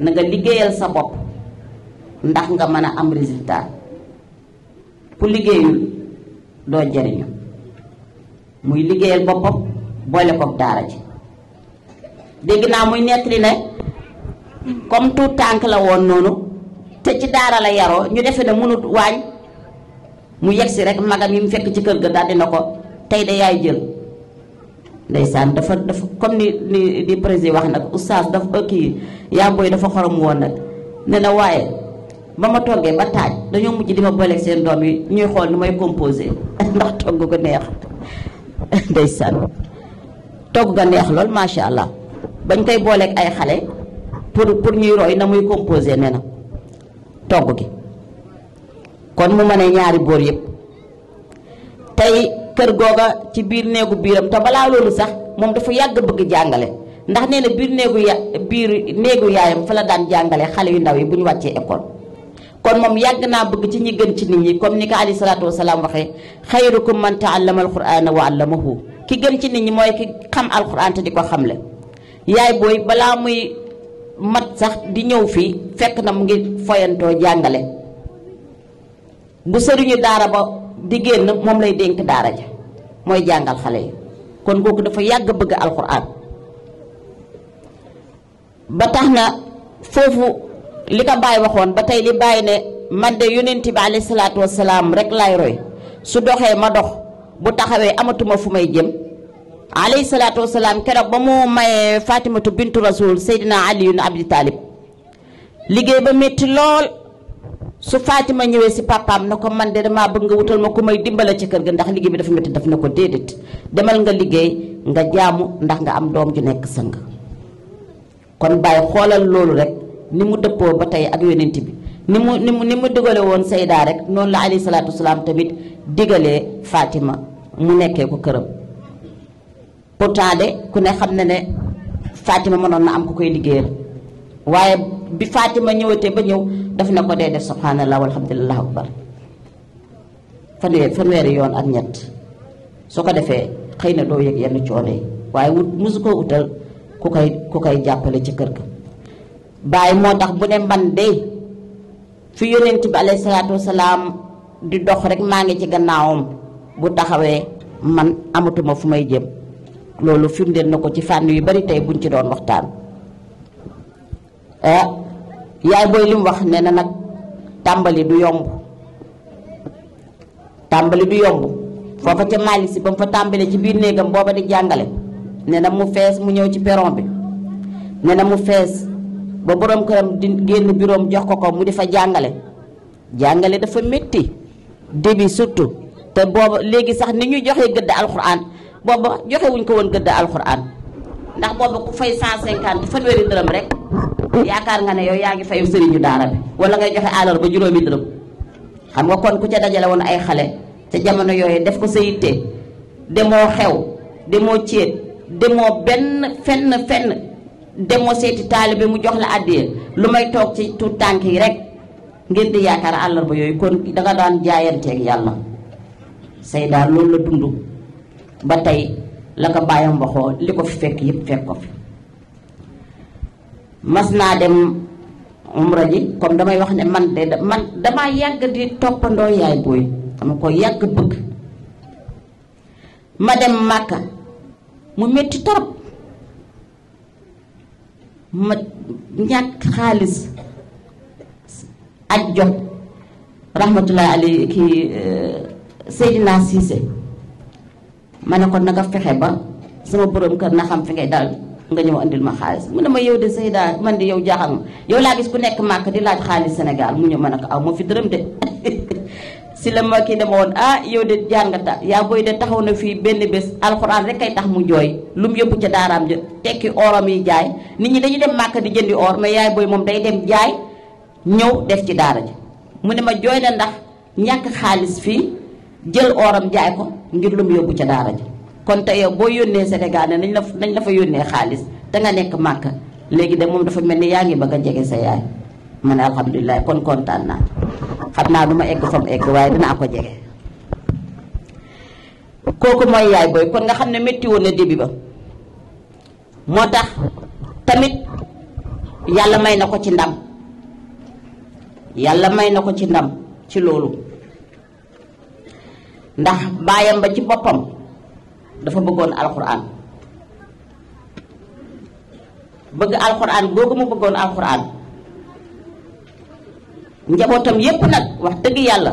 Speaker 6: na liggéeyal sa bopp ndax nga mën a am résultat ku liggéeyul doo jariñu muy liggéeyal boppam boole koog daara ji dégg naa muy nettali ne comme tout tànk la woon noonu te ci daara la yaroo ñu defe ne mënut waañ mu yegsi rek magam yi mu fekk ci kër ga daal na ko tey de yaay jël ndeysaan dafa dafa comme ni ni di président wax nag oustaz dafa kii yaa booy dafa xorom woon nag ne waaye ba ma toggee ba taaj dañoo mujj di ma booleeg seen doom yi ñuy xool nu may composé ndax togg ko neex ndeysaan togg ga neex lool macha allah bañ koy booleek ay xale pour pour ñuy roy na muy composé nee na togg gi kon mu ma ne ñaari bool yépp tey kër googa ci biir néegu biiram te balaa loolu sax moom dafa yàgg bëgg jàngale ndax nee na biir néegu ya biir néegu yaayam fa la daan jàngale xale yu ndaw yi bu ñu wàccee école kon moom yàgg naa bëgg ci ñi gën ci nit ñi comme ni ko alayhi salaatu wasalaam waxee xayrukum man taallama alqur'ana wa allamahu ki gën ci nit ñi mooy ki xam alqur'an te di ko xamle yaay booy balaa muy mat sax di ñëw fii fekk na mu ngi foyantoo jàngale bu sëriñu daara ba di génn moom lay dénk daara ja mooy jàngal xale yi kon kooku dafa yàgg bëgg alxuraan ba tax na foofu li ko Baye waxoon ba tey li Baye ne man de yonent bi alayhi salaatu wasalaam rek laay roy su doxee ma dox bu taxawee amatuma fu may jëm alayhi salaatu wasalaam keroog ba mu mayee Fatimatu bintu Rasul Seydina Ali ibn Abi Talib liggéey ba metti lool su Fatima ñëwee si papaam na ko man de damaa bëgg nga wutal ma ku may dimbala ci kër gi ndax liggéey bi dafa métti daf na ko déedéet demal nga liggéey nga jaamu ndax nga am doom ju nekk sëng kon xoolal loolu ni mu dëppoo ba tey ak yonent bi ni mu ni mu ni mu digale woon sayda rek noon la alayhi salaatu wasalaam tamit digalee Fatima mu nekkee ko këram pourtant de ku ne xam na ne Fatima manoon na am ku koy liggéeyal waaye bi Fatima ñëwatee ba ñëw daf ne ko dee def subhanallah walhamdulillah akbar fanweer fanweeri yoon ak ñett su ko defee xëy na doo yëg yenn coono yi waaye wut musu koo utal ku koy ku koy jàppale ci kër ga bàyyi moo tax bu ne man de fi yonent bi alayhi salaatu wasalaam di dox rek maa ngi ci gannaawam bu taxawee man amatuma fu may jëm loolu firndeel na ko ci fànn yu bari tey buñ ci doon waxtaan ah yaay booy lim wax ne na nag tàmbali du yomb tàmbali du yomb foofa ca Mali ba mu fa tàmbalee ci biir néegam booba di jàngale ne na mu fees mu ñëw ci peron bi ne mu fees ba boroom këram di génn biroom jox ko ko mu di fa jàngale jàngale dafa métti début surtout te booba léegi sax ni ñu joxee gëdd alxuraan booba joxewuñ ko woon gëdd alxuraan ndax booba ku fay 150 fanweeri dërëm rek yaakaar nga ne yow yaa ngi fayu sëriñu daara bi wala ngay joxe alal ba juróomi dërëm xam nga kon ku ca dajale woon ay xale ca jamono yooyu def ko sa yitte demoo xew demoo céet demoo benn fenn fenn demoo seeti taalibe mu jox la àddee lu may toog ci tuut tànk yi rek ngeen di yaakaar àllarba yooyu kon danga daan jaayanteeg yàlla say daal loolu la dund ba tey la ko bàyyam waxoo li ko fi fekk yépp fekk ko fi mas naa dem umra damay wax ne man man damaa yàgg di toppandoo yaay booy dama ko yàgg bëgg ma dem màkka mu metti torop ma ñàkk xaalis aj jot rahmatullahi alay kii euh, Seydina Cissé ma ne ko nanga fexe ba sama borom kër na xam fi ngay dal nga ñëw andil ma xaalis mu ne ma yow de Seyda man di yow jaaxal ma yow laa gis ku nekk màkk di laaj xaalis Sénégal mu ñëw ma ne aw ma fi dërëm de si la ma kii dama woon ah yow de jàngata yaa booy de taxaw na fii benn bés alxuraan rek ay tax mu jooy lu mu yóbbu ca daaraam ja tekki ooram yi jaay nit ñi dañu dem màkk di jëndi or mais yaay booy moom day dem jaay ñëw def ci daara ji mu ne ma jooy na ndax ñàkk xaalis fii jël oram jaay ko ngir lu mu yóbbu ca daara ji kon te yow boo yónnee senegal ne nañ la nañ la fa yónnee xaalis te nga nekk màkk léegi de moom dafa mel ni yaa ngi bëgg a jege sa yaay ma ne alhamdulilah kon kontaan naa xam naa du ma egg fa mu egg waaye dinaa ko jege kooku mooy yaay booy kon nga xam ne métti woon na début ba moo tax tamit yàlla may na ko ci ndam yàlla may na ko ci ndam ci loolu ndax baayam ba ci boppam dafa bëggoon alxuraan bëgg alxuraan googu mu bëggoon alxuraan njabootam yépp nag wax dëgg yàlla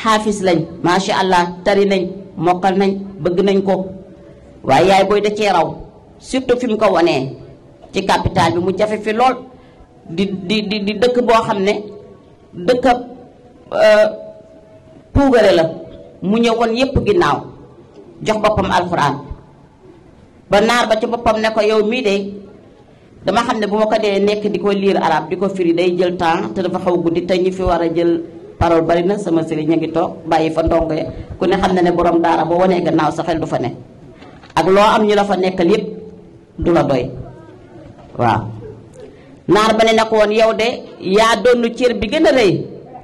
Speaker 6: xaafis lañ macha allah tari nañ mokkal nañ bëgg nañ ko waaye yaay booy de cee raw surtout fi mu ko wonee ci capital bi mu jafe fi lool di di di di dëkk boo xam ne dëkk euh, puugare la mu ñëw woon yépp ginnaaw jox boppam alxuraan ba naar ba ci boppam ne ko yow mii de dama xam ne bu ma ko dee nekk di ko liir araab di ko firi day jël temps te dafa xaw guddi te ñu fi war a jël parole bari na sama sëriñ ña ngi toog bàyyi fa ndongo ya ku ne xam ne ne borom daara boo wanee gannaaw sa xel fa ne loo am ñu la fa nekkal yépp du la doy waaw naar ba yow de yaa doon cër bi gën a rëy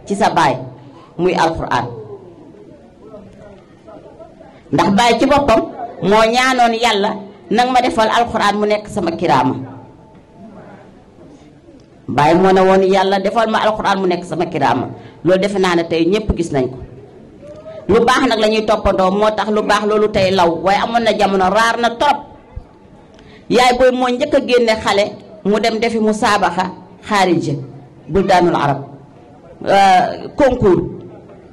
Speaker 6: ci sa baay muy alxuraan ndax baay ci boppam moo ñaanoon yàlla nag ma defal alxuraan mu nekk sama kiraama bàyyi moo ne woon yàlla defal ma alxuraan mu nekk sama kiraama loolu defe naa ne tey ñëpp gis nañ ko lu baax nag lañuy toppandoo moo tax lu baax loolu tey law waaye amoon na jamono raar na trop yaay booy moo njëkk a génne xale mu dem defi mu saabaxa xaarija buldaanul arab euh, concours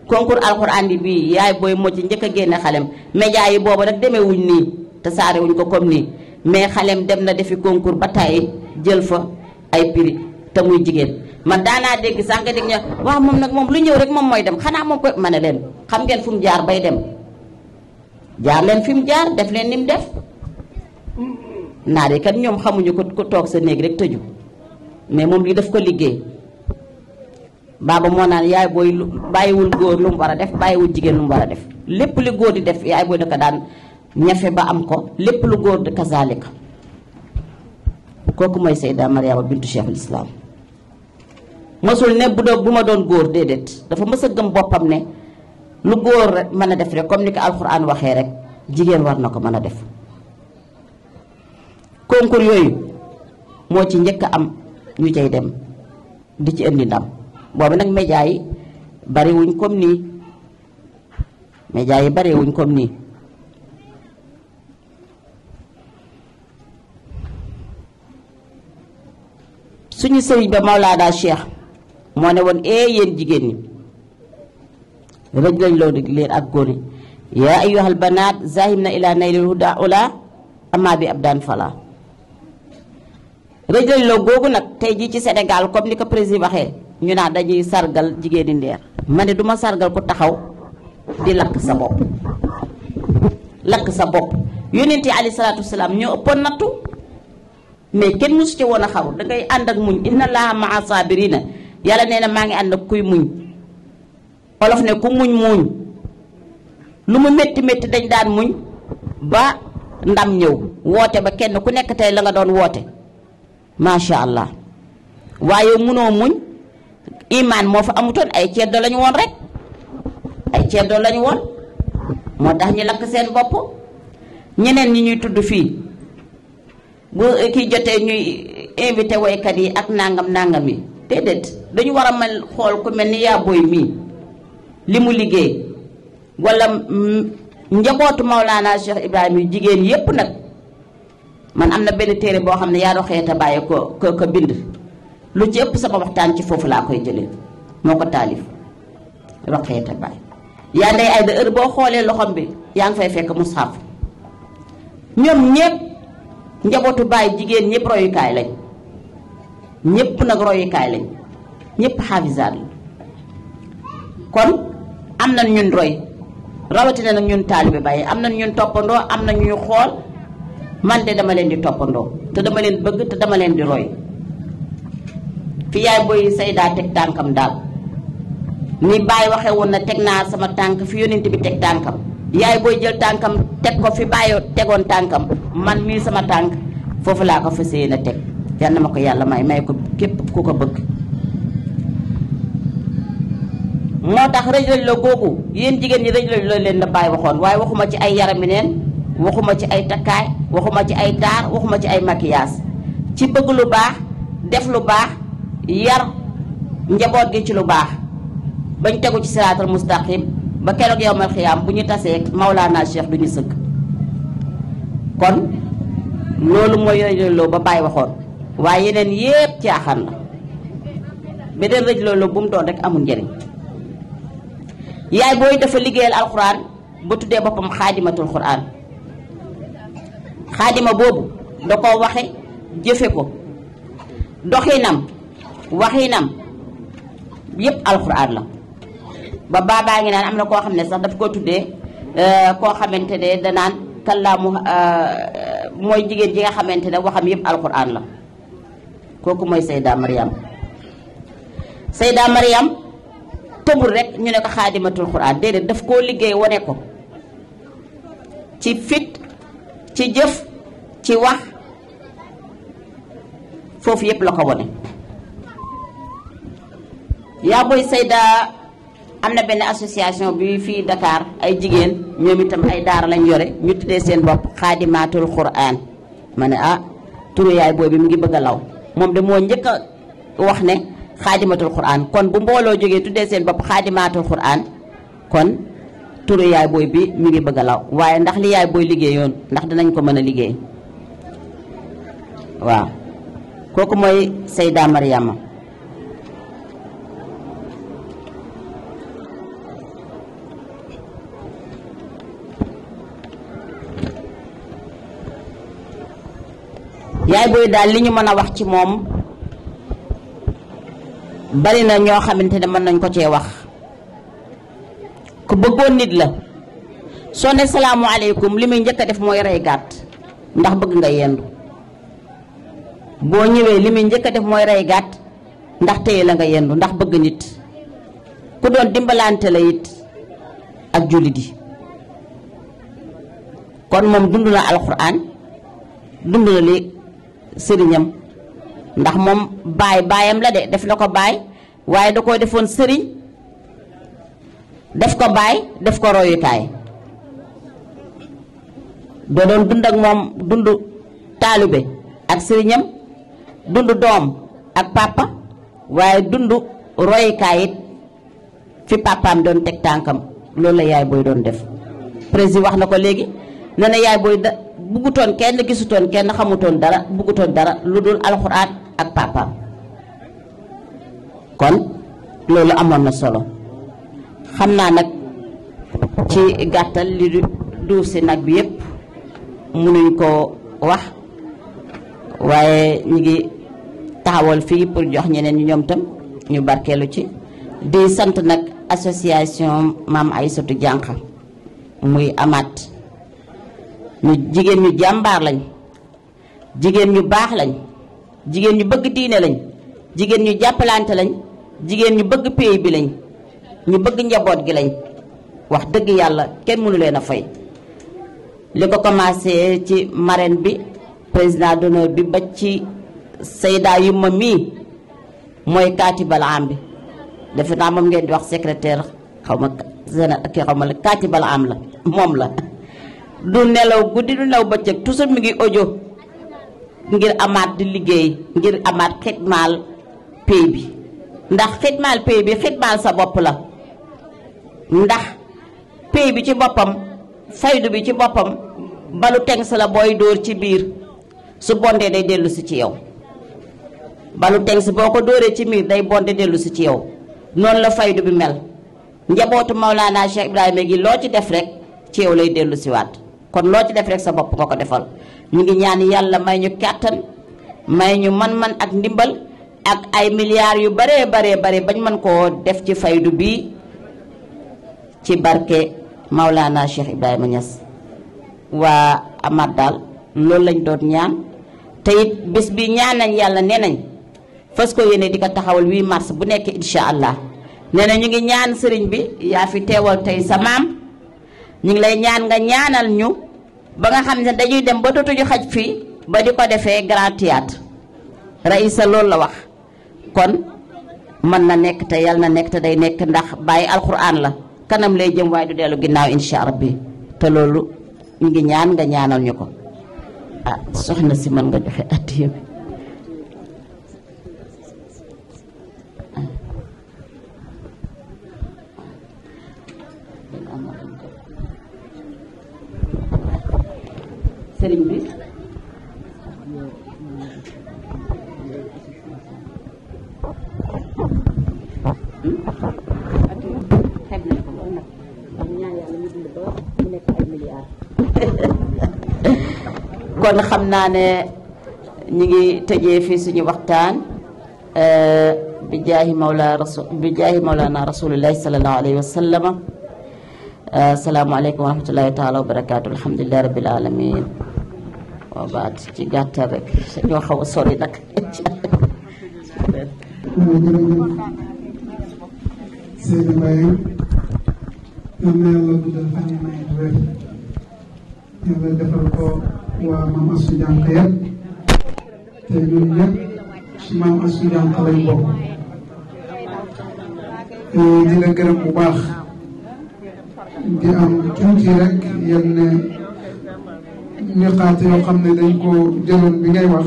Speaker 6: concours alxuraan yi bii yaay booy moo njëkk a xalem média yi boobu nag demewuñ nii te saarewuñ ko comme nii mais xalem dem na defi konkuur ba tàyyi jël fa ay prix te muy jigéen man daanaa dégg sànq dégg ña waaw moom nag moom lu ñëw rek moom mooy dem xanaa moom ko ma ne leen xam ngeen fu mu jaar bay dem jaar leen fi mu jaar def leen ni mu def naa de kat ñoom xamuñu ko ko toog sa néeg rek tëju mais moom lii daf ko liggéey baaba moo naan yaay booy lu bàyyiwul góor lu mu war a def bàyyiwul jigéen lu mu war a def lépp lu góor di def yaay booy da ko daan ñafe ba am ko lépp lu góor di kazaalika kooku mooy Seyda Mariama mësul ne bu doon bu ma doon góor déedéet dafa mës a gëm boppam ne lu góor mën a def rek comme ni ko alxuraan waxee rek jigéen war na ko mën a def. concours yooyu moo ci njëkk a am ñu cay dem di ci indi ndam boobu nag média yi bariwuñ comme nii média yi bariwuñ comme nii. suñu sëriñ ba daal Cheikh. moo ne woon ee yéen jigéen ñi rëj lañ loo dig leen ak góor ñi yaa ayyuhal banaat zahim na ila naylil huda ula amma bi ab daan fala rëj lañ loo googu nag tey jii ci Sénégal comme ni ko président waxee ñu naa dañuy sargal jigéen di ndeer ma ne duma sargal ku taxaw di lakk sa bopp lakk sa bopp yonent yi alayhi salaatu wasalaam ñoo ëppoon nattu mais kenn mosu ci woon a xaw dangay ànd ak muñ inna laaha maa saabirina yàlla nee na maa ngi ànd ak kuy muñ olof ne ku muñ muñ lu mu métti métti dañ daan muñ ba ndam ñëw woote ba kenn ku nekk tey la nga doon woote macha allah waaye munoo muñ imaan moo fa amutoon ay ceddo lañu woon rek ay ceddo lañu woon moo tax ñu lakk seen bopp ñeneen ñi ñuy tudd fii bu kii jotee ñuy invité woykat yi ak nangam nangam yi déedéet dañu war a mel xool ku mel ni yaa mii li mu liggéey walla njabootu Maolana Cheikh Ibrahima yu jigéen yépp nag man am na benn téere boo xam ne yaa doxee te bàyyi ko ko ko bind lu ci ëpp sama waxtaan ci foofu laa koy jëlee moo ko taalif roqee te bàyyi yaa ndey ay da heure boo xoolee loxom bi yaa ngi fay fekk mushaf ñoom ñépp njabootu bàyyi jigéen ñépp royukaay lañ ñëpp nag royukaay lañ ñëpp xaafisaat la kon am na ñun roy rawatina nag ñun taalibe bàyyi am nañ ñun toppandoo am nañ ñu xool man de dama leen di toppandoo te dama leen bëgg te dama leen di roy fi yaay booy say daa teg tànkam daal ni bàyyi waxee woon na teg naa sama tànk fi yónent bi teg tànkam yaay booy jël tànkam teg ko fi bàyyi tegoon tànkam man mii sama tànk foofu laa ko fas na teg yal na ma ko yàlla may may ko képp ku ko bëgg moo tax rëj rëj la googu yéen jigéen ñi rëj rëj la leen la bàyyi waxoon waaye waxuma ci ay yarami neen waxuma ci ay takkaay waxuma ci ay taar waxuma ci ay maquillage ci bëgg lu baax def lu baax yar njaboot gi ci lu baax bañ tegu ci siraatal mustaqim ba keroog yowmal xiyaam bu ñu tasee Maulana Cheikh du ñu sëgg kon loolu mooy rëj rëjloo ba bàyyi waxoon waaye yeneen yépp caaxaan la beneen rëj loolu bu mu doon rek amul njëriñ yaay booy dafa liggéeyal alxuraan ba tuddee boppam xaadimatul xuraan xaadima boobu da ko waxe jëfe ko doxinam waxinam yépp alxuraan la ba baabaa ngi naan am na koo xam ne sax daf koo tuddee euh, koo xamante ne danaan kàllaamu euh, mooy jigéen ji nga xamante ne waxam yépp alxuraan la kooku mooy Seyda Mariam Seyda Mariam tëbul rek ñu ne ko xaadimatul quran déedéet daf koo liggéey wane ko ci fit ci jëf ci wax foofu yépp la ko wane yaa booy Seyda am na benn association bi fii Dakar ay jigéen ñoom itam ay daara lañ yore ñu tuddee seen bopp xaadimaatul quran ma ne ah turu yaay booy bi mu ngi bëgg a law moom de moo njëkk a wax ne xaadimatul quraan kon bu mbooloo jógee tuddee seen bopp xaadimatul quraan kon turu yaay booy bi mi ngi bëgg a law waaye ndax li yaay booy liggéeyoon ndax dinañ ko mën a liggéey waaw kooku mooy Seyda Mariama yaay booy daal li ñu mën a wax ci moom bari na ñoo xamante ne mën nañ ko cee wax ku bëggoon nit la soo ne salaamualeykum li muy njëkk def mooy rey gàtt ndax bëgg nga yendu boo ñëwee li muy njëkk a def mooy rey gàtt ndax téye la nga yendu ndax bëgg nit ku doon dimbalante la it ak jullit yi kon moom dund na alxuraan dund na li sëriñam ndax moom baay baayam la de def na ko baay waaye da koo defoon sëriñ def ko baay def ko royukaay da doon dund ak moom dund taalibe ak sëriñam dund doom ak pàppa waaye dund royukaay it fi papaam doon teg tànkam loolu la yaay booy doon def président wax na ko léegi nee yaay booy buggutoon kenn gisutoon kenn xamutoon dara buggutoon dara lu dul alxuraan ak papaam kon loolu amoon na solo xam naa nag ci gàttal li duuf si nag bi mu mënuñ ko wax waaye ñu ngi taxawal fii pour jox ñeneen ñi ñoom tam ñu barkeelu ci di sant nag association Maam ay Aysatu Jànq muy amaat ñu jigéen ñu jàmbaar lañ jigéen ñu baax lañ jigéen ñu bëgg diine lañ jigéen ñu jàppalante lañ jigéen ñu bëgg pays bi lañ ñu bëgg njaboot gi lañ wax dëgg yàlla kenn mënu leen a fay li ko commencé ci marraine bi président d'honneur bi ba ci Seyda Yuma mii mooy kaati am bi defe naa moom ngeen di wax secrétaire xaw ma général kii ma la la moom la du nelaw guddi du nelaw bëccëg toujours mu ngi audio ngir amaat di liggéey ngir amaat xitmaal pay bi ndax xitmaal pay bi xitmaal sa bopp la ndax pay bi ci boppam faydu bi ci boppam balu teng la booy dóor ci biir su bondee day dellu si ci yow balu teng boo ko dóoree ci biir day bonde dellu si ci yow noonu la faydu bi mel njabootu Mawlaana Cheikh Ibrahima gi loo ci def rek ci yow lay dellu waat kon loo ci def rek sa bopp nga ko defal ñu ngi ñaan yàlla may ñu kàttan may ñu man-man ak ndimbal ak ay milliards yu baree baree bare bañ man koo def ci faydu bii ci barke Maulana Cheikh Ibrahima Niass waa Amad daal loolu lañ doon ñaan te it bés bi ñaan nañ yàlla nee nañ fas ko yéene di ko taxawal wii mars bu nekk incha allah nee ñu ngi ñaan sëriñ bi yaa fi teewal tey sa maam ñu ngi lay ñaan nga ñaanal ñu ba nga xam ne dañuy dem ba dootuñu xaj fii ba di ko defee grand théâtre raïsa loolu la wax kon mën na nekk te yal na nekk te day nekk ndax bàyyi alxuraan la kanam lay jëm waaye du dellu ginnaaw insha bi te loolu ñu ngi ñaan nga ñaanal ñu ko ah soxna si mën nga joxe addiya bi kon xam naa ne ñi ngi tëjee fii suñu waxtaan eh, bi jaahi mawla rasul bi jaahi mawlana rasulillahi salallahu alayhi wa sallama eh, asalaamualeykum wa rahmatullahi taala wa alhamdulilahi rabbil alamin waaw baat ci gàttal rek ñoo xaw a sori nag. Seydou Mbaye ñoom ñoo
Speaker 5: la guddal fan yi may wér yàlla defal ko maam Asou Diankha yëpp te ñun ñëpp su gërëm bu baax di am tuuti rek yenn. niqaat yoo xam ne dañ ko jëloon bi ngay wax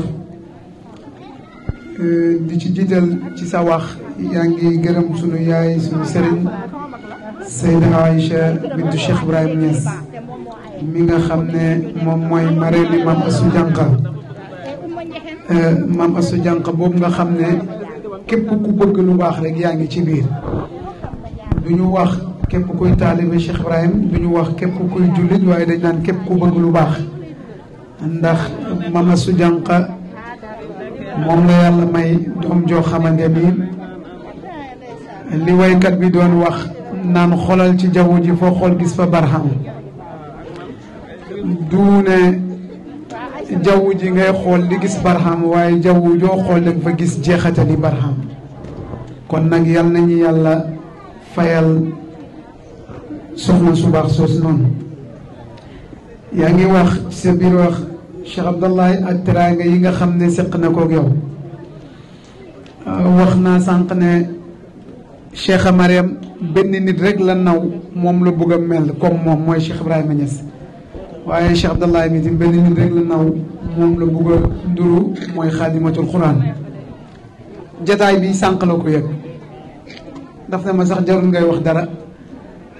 Speaker 5: eh, di ci jiital ci sa wax yaa ngi gërëm sunu yaay sunu sëriñ Sayda Aïcha bintu Cheikh Ibrahima Niass mi nga xam ne moom mooy marraine maam Astou Diankha eh, maam Astou Diankha boobu nga xam ne képp ku bëgg lu baax rek yaa ngi ci biir du ñu wax képp kuy taalibe Cheikh Ibrahim du ñu wax képp kuy jullit waaye dañ naan képp ku bëgg lu baax ndax mama su jànqa moom la yàlla may doom joo xamante ni li waykat bi doon wax naan xoolal ci jaww ji foo xool gis fa barxam duune jaww ji ngay xool di gis barxam waaye jaww joo xool danga fa gis jeexatali barxam kon nag yal nañu yàlla fayal soxna su baax soos noonu yaa ngi wax ci sa biir wax Cheikh Abdallahi ak teraanga yi nga xam ne séq na kook yow wax naa sànq ne Cheikh Mariam benn nit rek la naw moom la bëgg a mel comme moom mooy Cheikh Ibrahima Niass waaye Cheikh Abdallahi mi tam benn nit rek la naw moom la bëgg a nduru mooy xaadimatul xuraan jataay bi sànq la ko yëg daf ne ma sax jarul ngay wax dara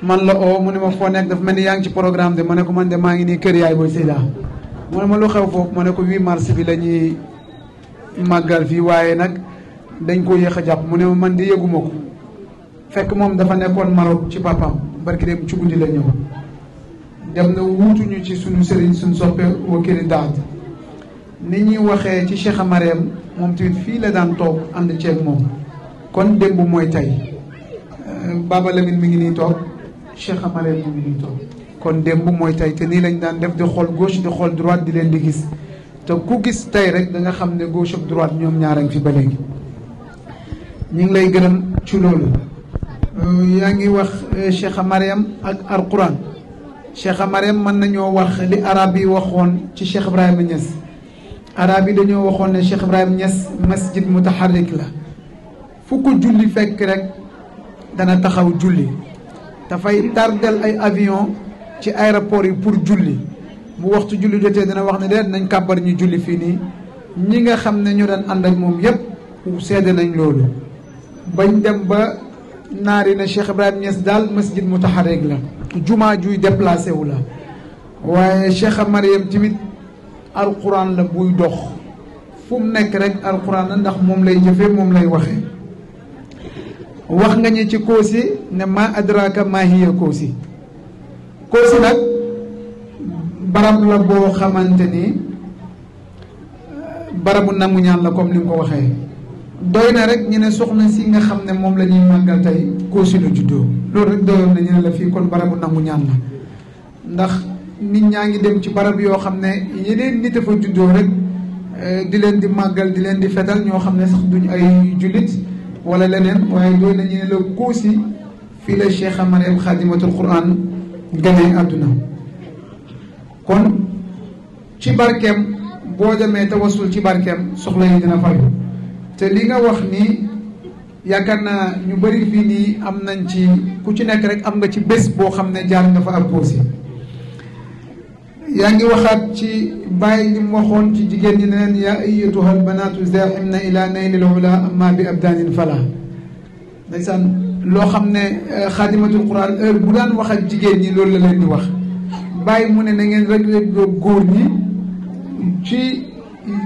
Speaker 5: man la oo oh, mu ne ma foo nekk dafa mel ni yaa ngi ci programme de ma ne ko man de maa ngi nii kër yaay booy Seyda mu ne ma lu xew foofu ma ne ko wii mars bi la ñuy màggal fii waaye nag dañ koo yéex a jàpp mu ne ma man di yëguma ko fekk moom dafa nekkoon Maroc ci papaam barki dem ci guddi la ñëw dem na wuutuñu ci suñu sëriñ suñu soppe wakiri daat ni ñuy waxee ci Cheikh moom tamit fii la daan toog ànd ceeg moom kon démb mooy tey Baba Lamine mi ngi nii toog Cheikh Amara mu ngi nii toog kon démb mooy tey te nii lañ daan def di xool gauche di xool droite di leen di gis te ku gis tey rek da nga xam ne gauche ak droite ñoom ñaar ngi fi ba léegi. ñu ngi lay gërëm ci loolu euh, yaa ngi wax euh, Cheikha Mariam ak Alquran Cheikha Mariam mën nañoo wax li araab yi waxoon ci Cheikh Ibrahima ñes arab yi dañoo waxoon ne Cheikh Ibrahima Niass masjid mutaharrik la fu ko julli fekk rek dana taxaw julli dafay tardel ay avion ci aéroport yi pour julli bu waxtu julli jotee dina wax ne de nañ kàbbar ñu julli fii nii ñi nga xam ne ñoo daan ànd ak moom yépp sedd nañ loolu bañ dem ba naar yi na Cheikh Ibrahima Niass daal masjid mutaharrik la jumaa juy déplacé wu la waaye Cheikh Mariam tamit alquran la buy dox fu mu nekk rek alquran la ndax moom lay jëfee moom lay waxee wax nga ñu ci Kossy ne ma adraka ma hiya Kossy Kossy nag barab la boo xamante ni euh, barabu nangu ñaan la comme ni nga ko waxee doy na rek ñu ne soxna si nga xam ne moom la ñuy màggal tey Kossy lu juddoo loolu rek doyoon na ñu ne la fii kon barabu nangu ñaan la ndax nit ñaa ngi dem ci barab yoo xam ne yeneen nit a fa juddoo rek euh, di leen di màggal di leen di fetal ñoo xam ne sax duñ ay jullit wala leneen waaye doy nañu ne la Kossy fii la Cheikha Mariam Xaadimatul Quran gane àdduna kon ci barkeem boo demee tawasul ci barkeem soxla yi dina fay te li nga wax ni yaakaar naa ñu bëri fii nii am nañ ci ku ci nekk rek am nga ci bés boo xam ne jaar nga fa ak Kossy yaa ngi waxaat ci bàyyi li mu waxoon ci jigéen ñi ne leen yaa ayyatuha albanaatu zaaximna ila ni ula amma bi abdaanin fala ndeysaan loo xam ne eh, xaadimatul quran heure bu daan wax ak jigéen ñi loolu la leen di wax bàyyi mu ne na ngeen regretloo góor ñi ci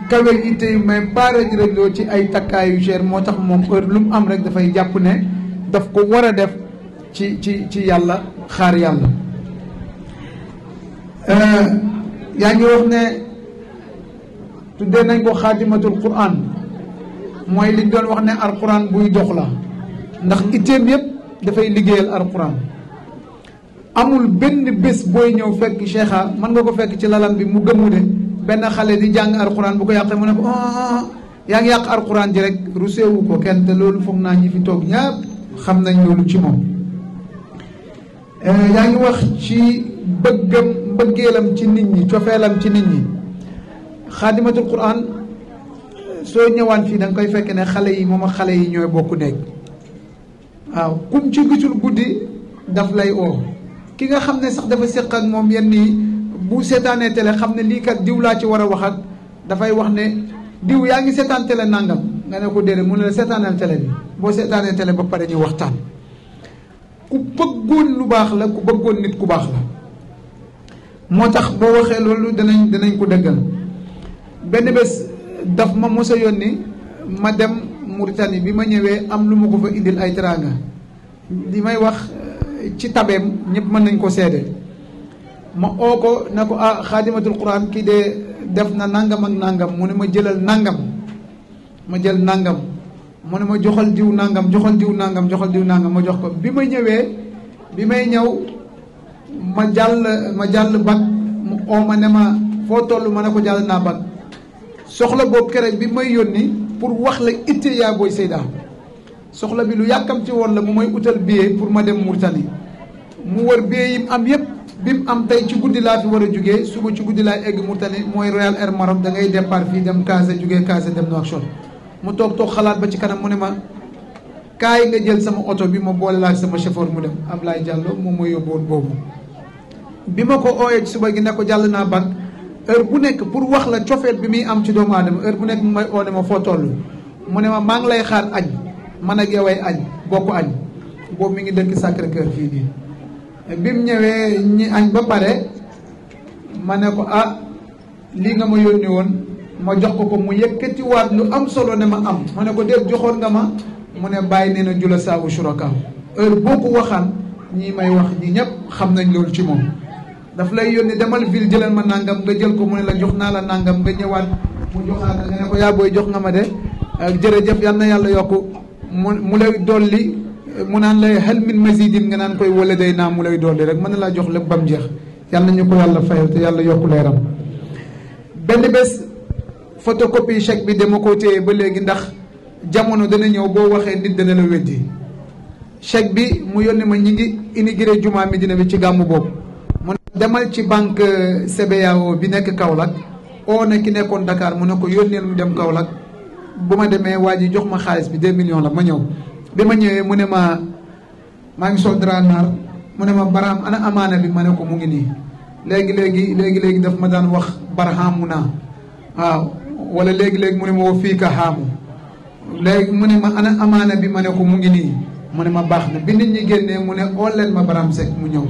Speaker 5: kawel itte pare mais pas regretloo ci ay takkaay yu cher moo tax moom heure lu mu am rek dafay jàpp ne daf ko war a def ci ci ci yàlla xaar yàlla Eh, yaa ngi wax ne tuddee nañ ko xaadimatul quran mooy liñ doon wax ne alquran buy dox la ndax itteem yëpp dafay liggéeyal alquran amul benn bés booy ñëw fekk cheikha man nga ko fekk ci lalan bi mu gëmmu de benn xale di jàng alquran bu ko yàqee mu ne ko ah, yaa ngi yàq alquran ji rek ruseewu ko kenn te loolu foog naa ñi fi toog ñaar xam nañ loolu ci moom eh, yaa ngi wax ci bëggam mbëggeelam ci nit ñi cofeelam ci nit ñi xaadimatul quran soo ñëwaan fii da koy fekk ne xale yi moom a xale yi ñooy bokk nekk waaw kum ci gisul guddi daf lay oo ki nga xam ne sax dafa séq ak moom yenn yi bu seetaanee télé xam ne lii kat diw laa ci war a wax ak dafay wax ne diw yaa ngi seetaan télé nangam nga ne ko déedéet mu ne la seetaanal télé bi boo seetaanee tele ba pare ñu waxtaan ku bëggoon lu baax la ku bëggoon nit ku baax la moo tax boo waxee loolu danañ danañ ko dëggal benn bés daf ma mos yoon yónni ma dem Mauritanie bi ma ñëwee am lu ma ko fa indil ay teraanga li may wax eh, ci tabeem ñépp mën nañ ko seede ma oo ko na ko ah xaadimatul quran kii de def na nangam ak nangam mu ne ma jëlal nangam ma jël nangam mu ne ma joxal diw nangam joxal diw nàngam joxal diw nangam ma jox ko bi ma ñëwee bi may ñëw ma jàll ma jàll bac mu ma ne ma foo toll ma ne ko jàll naa bac soxla boobu keroog bi may yónni pour wax la itte yaa booy Seyda soxla bi lu yàkkamti woon la mu may utal billet pour ma dem Mourtani mu war billet yi mu am yëpp bi mu am tey ci guddi laa fi war a jugee suba ci guddi laay egg Mourtani mooy Royal Air Maroc da ngay départ fii dem Casa jugee Casa dem Nouakchott mu toog toog xalaat ba ci kanam mu ne ma kaay nga jël sama oto bi ma boole laa sama chauffeur mu dem Ablaye Diallo moom mooy boobu. bi ma ko ooyee ci suba gi ne ko jàll naa ban heure bu nekk pour wax la cofeet bi muy am ci doomu aadama heure bu nekk mu may oo ne ma foo toll mu ne ma maa ngi lay xaar añ man ak yow ay añ bokk añ boobu mi ngi dëkk sacré fii nii bi mu ñëwee ñi añ ba pare ma ne ko ah lii nga ma yónni woon ma jox ko ko mu yëkkatiwaat lu am solo ne ma am ma ne ko déet joxoon nga ma mu ne bàyyi nee na jula saabu shuraka heure boo ko waxaan ñii may wax ñi ñëpp xam nañ loolu ci moom dafa lay yónni demal ville jëlal ma nangam nga jël ko mu ne la jox naa la nangam nga ñëwaat mu joxaat la nga ne ko yaa jox nga ma de jërëjëf yal na yàlla yokk mu mu lay dolli mu naan lay hal min mazidin nga naan koy wala day naa mu lay dolli rek mën na laa jox lépp ba mu jeex yal na ñu ko yàlla fayal te yàlla yokk leeram benn bés photocopie chèque bi dama ko téye ba léegi ndax jamono dana ñëw boo waxee nit dana la weddi chèque bi mu yónni ma ñu ngi inauguré jumaa Medina bi ci gàmmu boobu demal ci banque CBAO bi nekk kaw Kaolack oo na ki nekkoon Dakar mu ne ko yónneel mu dem Kaolack bu ma demee waa ji jox ma xaalis bi 2 millions la ma ñëw bi ma ñëwee mu ne ma maa ngi sol drap mu ne ma baraam ana amaana bi ma ne ko mu ngi nii léegi léegi léegi léegi daf ma daan wax barhaamu naa waaw wala léegi léegi mu ne ma fii ka xaamu mu ne ma ana amaana bi ma ne ko mu ngi nii mu ne ma baax na bi nit ñi génnee mu ne oo leen ma baraam sekk mu ñëw.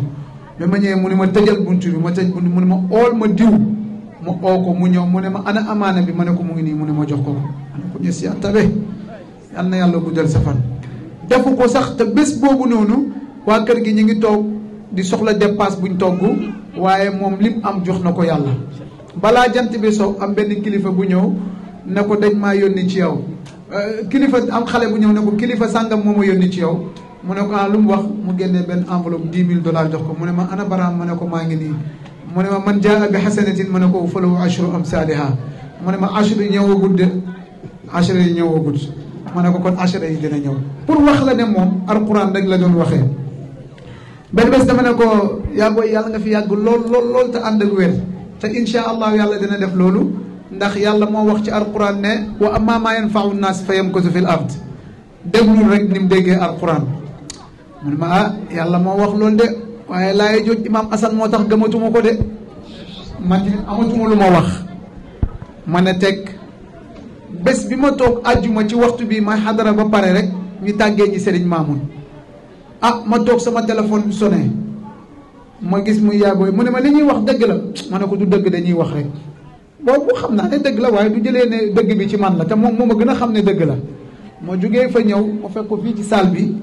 Speaker 5: bi ma ñëwee mu ne ma tëjal buntu bi ma tëj buntu mu ne ma ool ma diw ma oo ko mu ñëw mu ne ma ana amaana bi ma ne ko mu ngi nii mu ne ma jox ko ana ko ñës ya tabe yal na yàlla guddal sa fan defu ko sax te bés boobu noonu waa kër gi ñu ngi toog di soxla dépasse buñ togg waaye moom lim am jox na ko yàlla balaa jant bi so am benn kilifa bu ñëw ne ko dañ maa yónni ci yow euh, kilifa am xale bu ñëw ne ko kilifa sàngam moom ma yónni ci yow mu ne ko ah lu mu wax mu génnee benn enveloppe dix mille dollars jox ko mu ne ma ana baraam ma ne ko maa ngi nii mu ne ma man jaa bi xasanatin ma ne ko falahu ashru ne ma ashru ñëwagul de ashru yi ñëwagul ma ne ko kon ashru yi ñëw pour wax la ne moom alquran rek la doon waxee benn bés dama ne ko yaa booy yàlla nga fi yàgg lool lool lool te te insha allahu yàlla dina def loolu ndax yàlla moo wax ci alquran ne wa amma ma yanfau naas fa yamkutu fil ard déglul rek ni mu déggee alquran mu ne ma ah yàlla moo wax loolu de waaye laay joj imaam Assane moo tax gëmatuma ko de man tamit lu ma wax ma ne teg bés bi ma toog àjjuma ci waxtu bi may xadara ba pare rek ñu tàggee ñi Serigne Mamoun ah ma toog sama téléphone bi sonné ma gis muy yàggooy mu ne ma li ñuy wax dëgg la ma ne ko du dëgg dañuy wax rek xam naa dëgg la waaye du jëlee ne dëgg bi ci man la te moom moo ma gën a xam ne dëgg la ma jógee fa ñëw ma fekk ko fii ci salle bi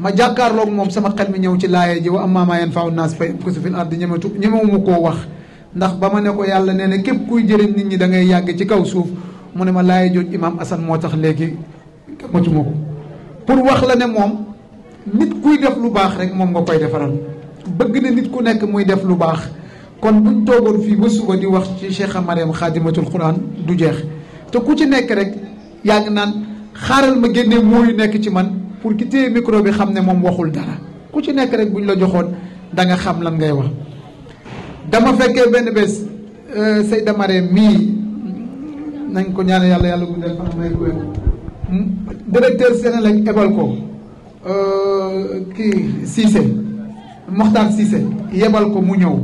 Speaker 5: ma jàkkaarloog moom sama xel mi ñëw ci laaye ji wa am maamaa yan faaw naas fay ko su fil ardi ñemetu ñemewuma koo wax ndax ba ma ne ko yàlla nee na képp kuy jëriñ nit ñi da ngay yàgg ci kaw suuf mu ne ma laaye jooj imaam Assane moo tax léegi mocuma ko pour wax la ne moom nit kuy def lu baax rek moom nga koy defaral bëgg na nit ku nekk muy def lu baax kon buñ toogoon fii ba suba di wax ci Cheikh Mariam xaadimatul quran du jeex te ku ci nekk rek yaa ngi xaaral ma génnee mooyu nekk ci man pour ki téye micro bi xam ne moom waxul dara ku ci nekk rek bu ñu la joxoon da nga xam lan ngay wax. dama fekkee benn bés euh, Seyda Marème mii nañ ko ñaan yàlla yàlla guddal fan may ko hmm? directeur Sénélec ebal ko euh, kii Cissé Mokhtar Cissé yebal ko mu ñëw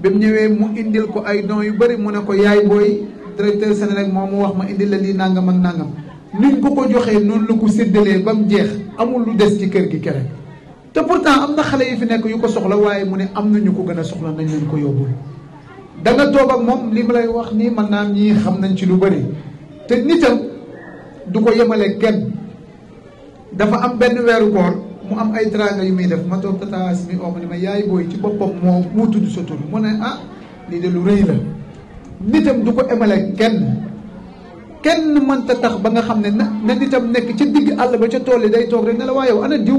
Speaker 5: ba ñëwee mu indil ko ay dons yu bëri mu ne ko yaay booy directeur Sénélec moom mu wax ma indil la lii nangam ak nangam. niñ ko ko joxee noonu la ko séddalee ba mu jeex amul lu des ci kër gi kere te pourtant am na xale yi fi nekk yu ko soxla waaye mu ne am na ñu ko gën a soxla nañ leen ko yóbbul da toog ak moom li ma lay wax nii man naam ñii xam nañ ci lu bari te nitam du ko yemale kenn dafa am benn weeru koor mu am ay traga yu muy def ma toog yaay booy ci boppam moo moo tudd sa tur mu ne ah lii de lu rëy la nitam du ko emale kenn kenn mënta tax ba nga xam ne na na nitam nekk ca digg àll ba ca tool yi day toog rek ne la waa yow ana diw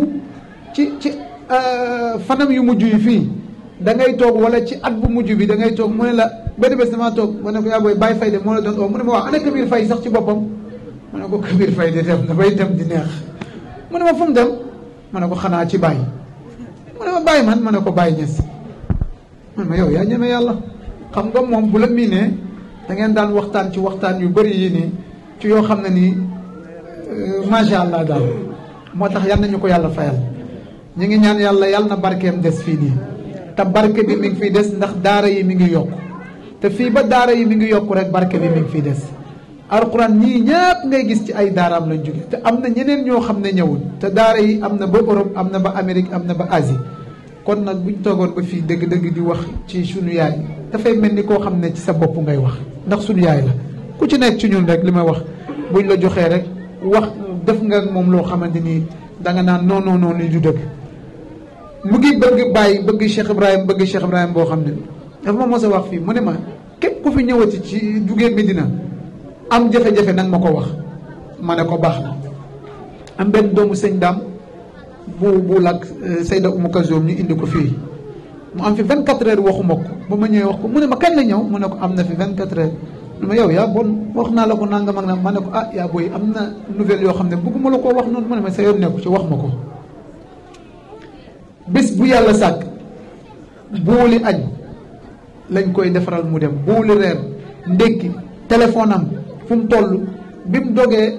Speaker 5: ci ci euh, fanam yu mujj yi fii dangay toog wala ci at bu mujj bi da ngay toog mu ne la benn damaa toog ma ne ko yaa booy oo mu ne ma waaw ana Kabir fay sax ci boppam ma ne ko Kabir fay de dem na bay dem di neex mu ne ma fu mu dem ma ne ko xanaa ci Baye mu ne ma Baye man ma ne ko Baye Ñas man ma yow yaa ñeme yàlla xam nga moom bu la miinee da ngeen daan waxtaan ci waxtaan yu bëri yi nii ci yoo xam ne nii euh, macha allah daal moo tax yal nañu ko yàlla fayal ñu ngi ñaan yàlla yàlla na barkeem des fii nii te barke bi mi ngi fiy des ndax daara yi mi ngi yokk te fii ba daara yi mi ngi yokk rek barke bi mi ngi fii des alxuraan ñii ñëpp ngay gis ci ay daaraam lañ jóge te am na ñeneen ñoo xam ne ñëwul te daara yi am na ba Europe am na ba Amérique am na ba asi kon nag bu ñu toogoon ba fii dëgg-dëgg di wax ci sunu yaay dafay mel ni koo xam ne ci sa bopp ngay wax ndax sunu yaay la ku ci nekk ci ñun rek li may wax buñ la joxee rek wax def nga ak moom loo xamante ni danga naan non non non lii du dëgg. mu ngi bëgg bàyyi bëgg Cheikh Ibrahim bëgg Cheikh Ibrahim boo xam ne dafa ma mos wax fii mu ne ma képp ku fi ñëwati ci jugee Medina am jafe-jafe nag ma ko wax ma ne ko baax na am benn doomu sëñ daam bu bu lakk euh, Seyda Oumou Kazoom ñu indi ko fii mu am fi 24 heures waxuma ko ba ma ñëwee wax ko mu ne ma kañ la ñëw mu ne ko am na fi 24 heures nu ma yow yaa bon wax naa la ko nangam ak na ma ne ko ah yaa booy am na nouvelle yoo xam ne bëgguma la koo wax noonu mu ne ma sa yoon nekku ci wax ma ko bés bu yàlla sàkk buuli añ lañ koy defaral mu dem buuli reer ndékki téléphone am fu mu toll bi mu dogee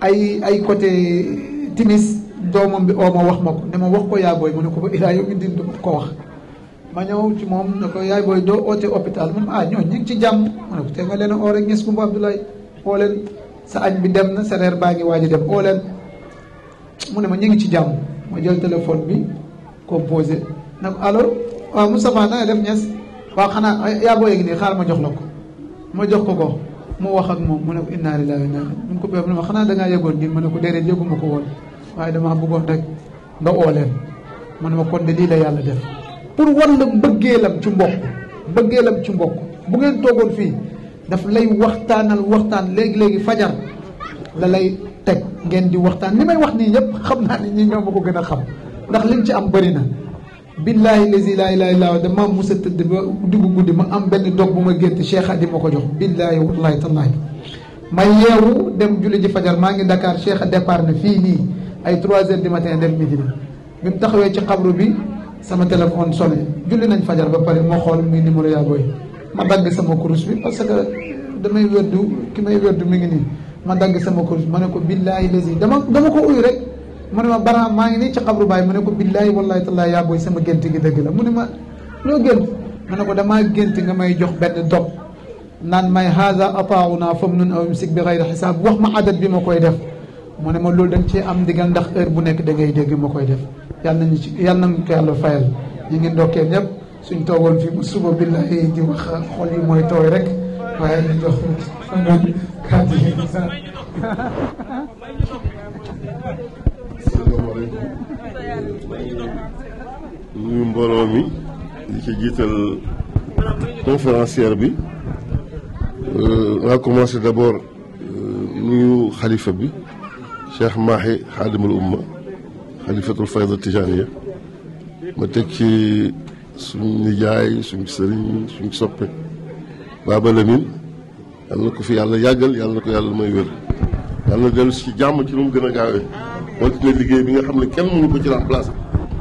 Speaker 5: ay ay côté euh, timis doomam bi oo ma wax ma ko ne ma wax ko yaay booy mu ne ko ba ilaa yow mi din ko wax ma ñëw ci moom ne ko yaay booy doo oote hôpital mu ne ah, ñoo ñi ngi ci jàmm ma ne ko te nga leen oo rek ñes bu Abdoulaye oo sa añ bi dem na sa reer baa ngi waaj a dem mu ne ma ñu ngi ci jàmm ma jël téléphone bi composé ne ko allo waaw Moustapha na def ñes waaw xanaa yaa booy ngi nii xaar ma jox la ko ma jox ko ko mu wax ak moom mu ne ko inna lillahi wa inna ilayhi mu ne ko béy mu ne ma xanaa ko déedéet yëguma ko woon waaye damaa bëggoon rek nga oo leen man ma kon de lii la yàlla def pour wan la mbëggeelam ci mbokk mbëggeelam ci mbokk bu ngeen toogoon fii daf lay waxtaanal waxtaan léegi-léegi fajar la lay teg ngeen di waxtaan li may wax nii yëpp xam naa ni ñi ñoo ma ko gën a xam ndax liñ ci am bëri na billaahi lazi laa ilaaha illaa dama musa tëdd ba diggu guddi ma am benn dog bu ma gént Cheikh Adi ma ko jox billaahi wallaahi tallaahi ma yeewu dem julli ji fajar maa ngi Dakar Cheikh départ na fii nii ay 3 heures du matin dem midi bi mu taxawee ci xabru bi sama téléphone sonné julli nañ fajar ba pare moo xool muy numéro yaa booy ma dagg sama kurus bi parce que damay wérdu ki may wérdu mi ngi nii ma dagg sama kurus ma ne ko billaahi lazi dama dama ko uyu rek mu ne ma baraam maa ngi nii ci xabru baay ma ne ko billaahi wallaahi tallaahi yaa booy sama gént gi dëgg la mu ne ma loo gént ma ne ko damaa gént nga may jox benn dog naan may haza ataawu naa fam nun aw imsik bi xayri wax ma adat bi ma koy def mu ne ma loolu dañ ci am ndigal ndax heure bu nekk dangay ngay dégg ma koy def yal nañu ci yal nañu ko yàlla fayal ñu ngi ndokkee ñëpp suñ toogoon fii bu suba billahi di yi mooy tooy rek waaye ñu jox
Speaker 1: mbooloo mi di ci jiital conférencière bi euh, on va commencer d'abord euh, nuyu xalifa bi Cheikh Mahi xaadimul umma xalifatul fayda tijaaniya ma teg ci suñ nijaay suñ sëriñ suñ soppe Baba Lamine yàlla na ko fi yàlla yàggal yàlla na ko yàlla may wér yàlla dellu si jàmm ci lu mu gën a gaawee liggéey bi nga xam ne kenn mënu ko ci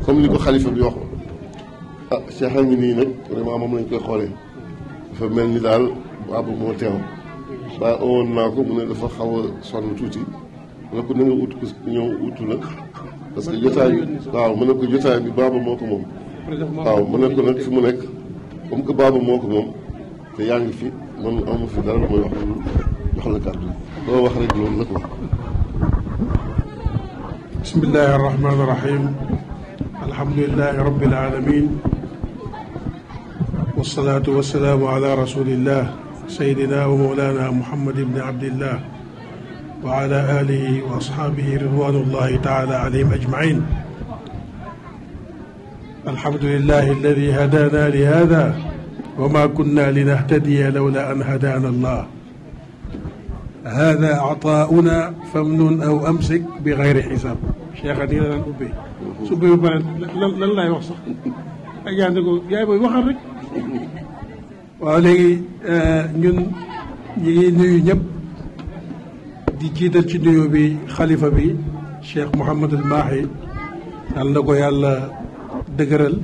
Speaker 1: comme ni ko xalifa bi waxoon ah Cheikh a vraiment moom lañ koy xoolee dafa mel ni daal Baba moo teew waaye owoon naa ko mu ne dafa xaw a sonn tuuti ma ne ko na ku ñëw utu la parce que jotaay bi waaw ma ne ko bi baaba moo ko moom waaw ma ne fi mu nekk comme que baaba moo ko moom te yaa ngi fi man amu fi dara mooy wax jox la kàddu
Speaker 2: bismillahi arrahmani irrahim alhamdulilahi rabbil alamin wasalaatu wasalaamu ala rasulillah sayidina wa maulana muhammad ibni abdillah wa ala alihi wa ashaabihi ridwanullahi taala alayhim ajmain alhamdulillahi alladi hadana li hada wa ma kunna linahtadiya lawla an hadana allah hada atauna famnun aw amsik bi gayri xisaab cheikh a nii la daan ubbee su ubbee ba pare lan lan laay wax sax ak yaa ko yaay booy waxal rek waaw léegi eh, ñun ñi ngi nuyu ñëpp di jiital ci nuyoo bi xalifa bi Cheikh Mouhamadul Mahi yàlla na ko yàlla dëgëral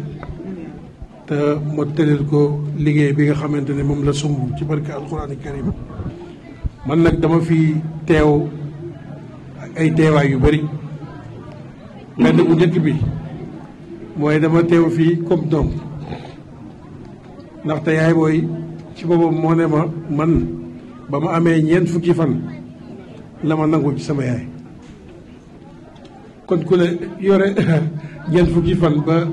Speaker 2: te ma tëleel ko liggéey bi nga xamante ne moom la sumb ci barke alquraan karim man nag dama fi teew ak ay teewaay yu bari benn bu njëkk bi mooy dama teew fii comme doom ndaxte yaay booy ci boppam moo ne ma man ba ma amee ñeent fukki fan la ma nangoo ci sama yaay kon ku la yore ñeent fukki fan ba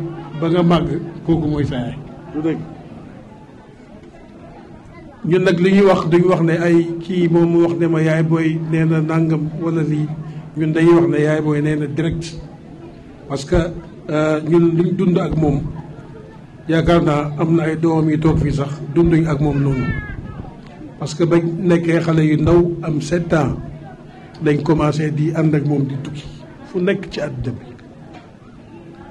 Speaker 2: ba nga màgg kooku mooy sa yaay du dëgg ñun nag li ñuy wax duñu wax ne ay kii moom mu wax ne ma yaay booy nee na nàngam wala lii ñun dañuy wax ne yaay booy nee na direct parce que euh, ñun luñ dund ak moom yaakaar naa am na ay doomam yi toog fii sax dunduñ ak moom noonu parce que bañ nekkee xale yu ndaw am sept ans dañ commencé di ànd ak moom di tukki fu nekk ci àddina bi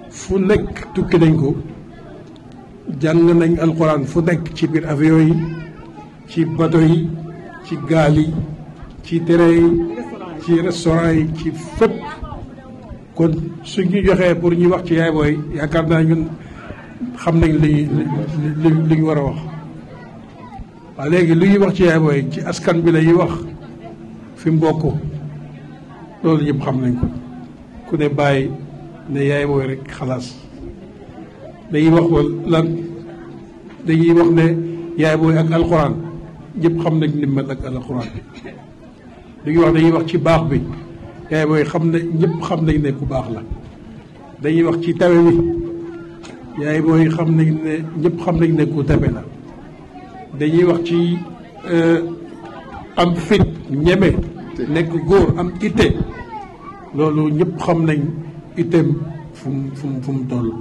Speaker 2: fu nekk tukki nañ ko jàng nañ alxuraan fu nekk ci biir avion yi ci bateau yi ci gaal yi ci terrain yi ci restaurant yi ci fépp kon su ñu joxee pour ñuy wax ci yaay booy yaakaar naa ñun xam nañ li li li ñu war a wax waaw léegi lu ñuy wax ci yaay booy ci askan bi la ñuy wax fi mbokk loolu ñëpp xam nañ ku ne bàyyi ne yaay mooy rek xalaas dañuy wax wal lan dañuy wax ne yaay mooy ak alxuraan ñëpp xam nañ ni mel ak alxuraan dañuy wax wax ci baax bi yaay xam ne ñëpp xam nañ ne ku baax la dañuy wax ci tawe bi yaay mooy xam nañ ne ñëpp xam nañ ne ku tabe la dañuy wax ci euh, am fit ñeme nekk góor am itte loolu ñëpp xam nañ itam fu mu fu mu tollu